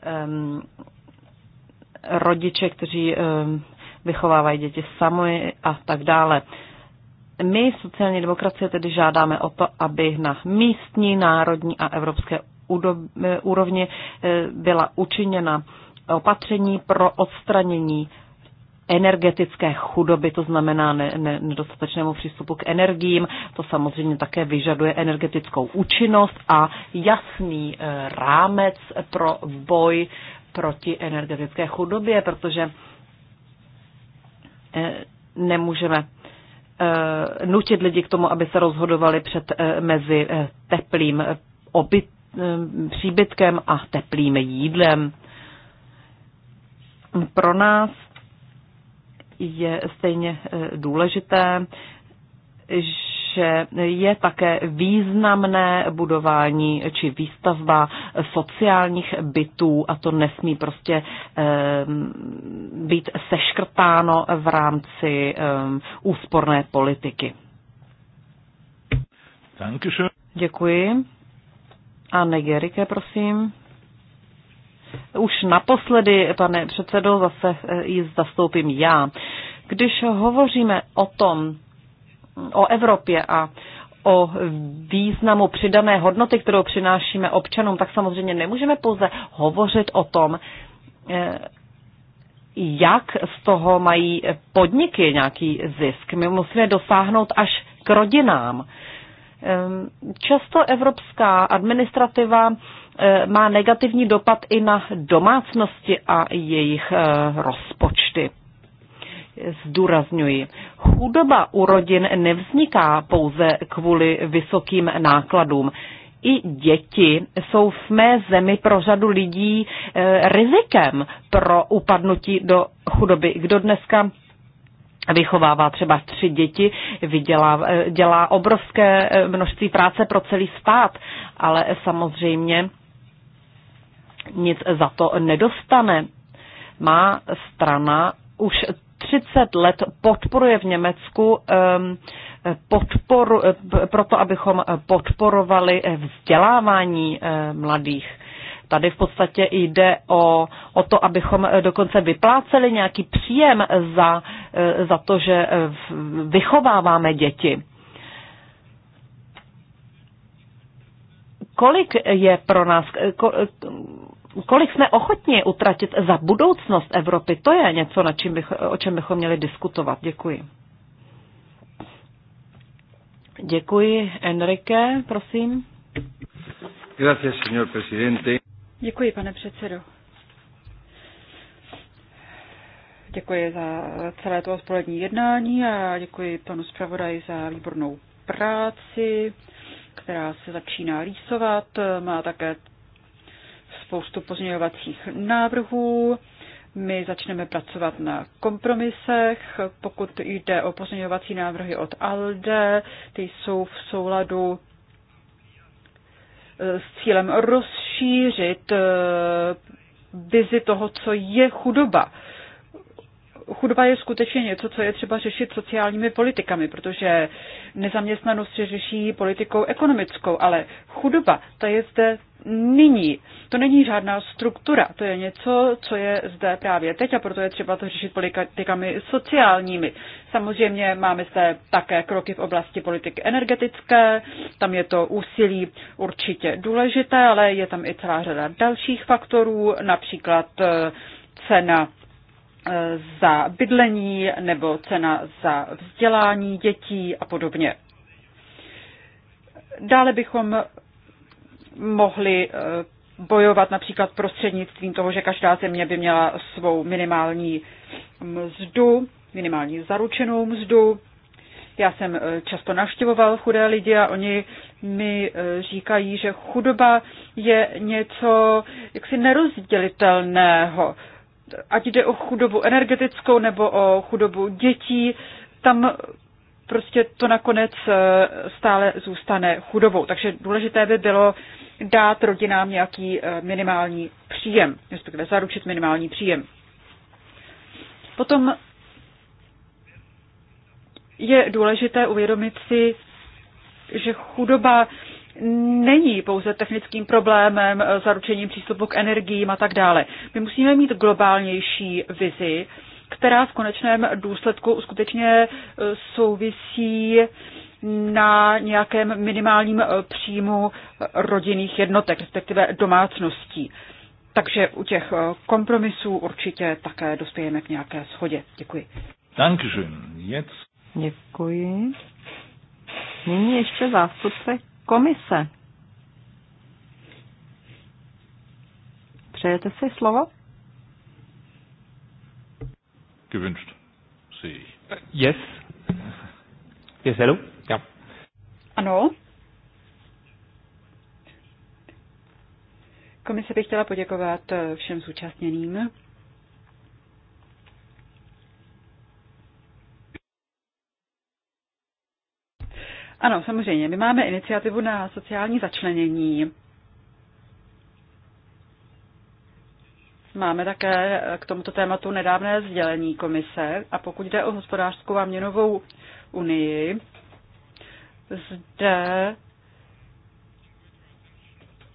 ehm, rodiče, kteří vychovávají děti sami a tak dále. My, sociální demokracie, tedy žádáme o to, aby na místní, národní a evropské úrovni eh, byla učiněna opatření pro odstranění energetické chudoby, to znamená ne, ne, nedostatečnému přístupu k energiím. To samozřejmě také vyžaduje energetickou účinnost a jasný eh, rámec pro boj proti energetické chudobě, protože eh, nemůžeme eh, nutit lidi k tomu, aby se rozhodovali před, mezi teplým obyt, příbytkem a teplým jídlem pro nás je stejně eh, důležité, že je také významné budování či výstavba sociálních bytů a to nesmí prostě eh, být seškrtáno v rámci eh, úsporné politiky. Děkuji. A Negerike, prosím. Už naposledy, pane předsedo, zase eh, ji zastoupím já. Když hovoříme o tom, o Evropě a o významu přidané hodnoty, kterou přinášíme občanům, tak samozřejmě nemůžeme pouze hovořit o tom, eh, jak z toho mají podniky nějaký zisk. My musíme dosáhnout až k rodinám. Ehm, často evropská administrativa Eh, má negativní dopad i na domácnosti a jejich eh, rozpočty. Zdůrazňuji, chudoba u rodin nevzniká pouze kvůli vysokým nákladům. I děti jsou v mé zemi pro řadu lidí eh, rizikem pro upadnutí do chudoby. Kdo dneska vychovává třeba tři děti, vydělá, dělá obrovské množství práce pro celý stát, ale samozřejmě nic za to nedostane. Má strana už 30 let podporuje v Německu ehm, podporu, eh, proto, abychom podporovali eh, vzdělávání eh, mladých. Tady v podstatě jde o, o to, abychom dokonce vypláceli nějaký příjem za, za to, že vychováváme děti. Kolik je pro nás, kolik jsme ochotni utratit za budoucnost Evropy, to je něco, na čím bych, o čem bychom měli diskutovat. Děkuji. Děkuji. Enrique, prosím. Gracias, señor presidente. Děkuji, pane předsedo. Děkuji za celé to odpolední jednání a děkuji panu zpravodaji za výbornou práci, která se začíná rýsovat. Má také spoustu pozměňovacích návrhů. My začneme pracovat na kompromisech. Pokud jde o pozměňovací návrhy od ALDE, ty jsou v souladu eh, s cílem rozšířit eh, vizi toho, co je chudoba chudoba je skutečně něco, co je třeba řešit sociálními politikami, protože nezaměstnanost se řeší politikou ekonomickou, ale chudoba, ta je zde nyní. To není žádná struktura, to je něco, co je zde právě teď a proto je třeba to řešit politikami sociálními. Samozřejmě máme zde také kroky v oblasti politiky energetické, tam je to úsilí určitě důležité, ale je tam i celá řada dalších faktorů, například eh, cena za bydlení nebo cena za vzdělání dětí a podobně. Dále bychom mohli e, bojovat například prostřednictvím toho, že každá země by měla svou minimální mzdu, minimální zaručenou mzdu. Já jsem e, často navštěvoval chudé lidi a oni mi e, říkají, že chudoba je něco jaksi nerozdělitelného ať jde o chudobu energetickou nebo o chudobu dětí, tam prostě to nakonec eh, stále zůstane chudobou. Takže důležité by bylo dát rodinám nějaký eh, minimální příjem, respektive zaručit minimální příjem. Potom je důležité uvědomit si, že chudoba není pouze technickým problémem, eh, zaručením přístupu k energiím a tak dále. My musíme mít globálnější vizi, která v konečném důsledku skutečně eh, souvisí na nějakém minimálním eh, příjmu rodinných jednotek, respektive domácností. Takže u těch kompromisů určitě také dospějeme k nějaké shodě. Děkuji. Děkuji. Nyní ještě zástupce komise. Přejete si slovo? Gewünscht. Si. Yes. Yes, hello. Ja. Ano. Komise bych chtěla poděkovat eh, všem zúčastněným. Ano, samozřejmě. My máme iniciativu na sociální začlenění. Máme také k tomuto tématu nedávné sdělení komise a pokud jde o hospodářskou a měnovou unii, zde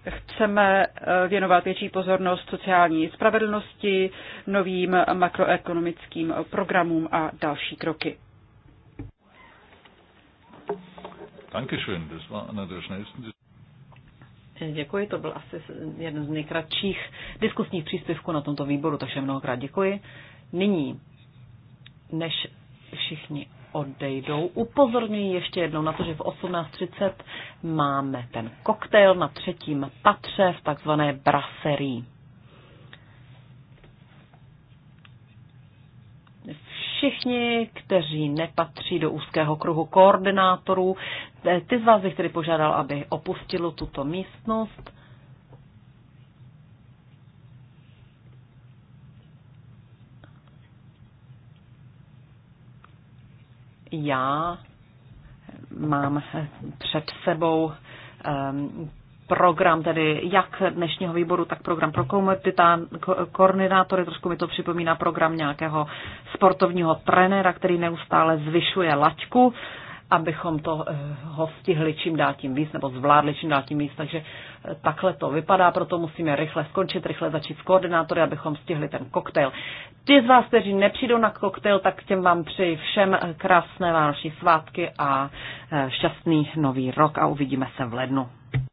chceme eh, věnovat větší pozornost sociální spravedlnosti, novým makroekonomickým programům a další kroky. Dankeschön, das war einer der schnellsten. Děkuji, to byl asi jeden z nejkratších diskusních příspěvků na tomto výboru, takže mnohokrát děkuji. Nyní, než všichni odejdou, upozorňuji ještě jednou na to, že v 18.30 máme ten koktejl na třetím patře v takzvané braserii. všichni, kteří nepatří do úzkého kruhu koordinátorů. Ty z vás bych tedy požádal, aby opustilo tuto místnost. Já mám před sebou ehm, program, tedy jak dnešního výboru, tak program pro koordinátory. Trošku mi to připomíná program nějakého sportovního trenéra, který neustále zvyšuje laťku abychom to eh, ho stihli čím dál tím víc, nebo zvládli čím dál tím víc. Takže eh, takhle to vypadá, proto musíme rychle skončit, rychle začít s koordinátory, abychom stihli ten koktejl. Ti z vás, kteří nepřijdou na koktejl, tak těm vám přeji všem eh, krásné vánoční svátky a šťastný nový rok a uvidíme se v lednu.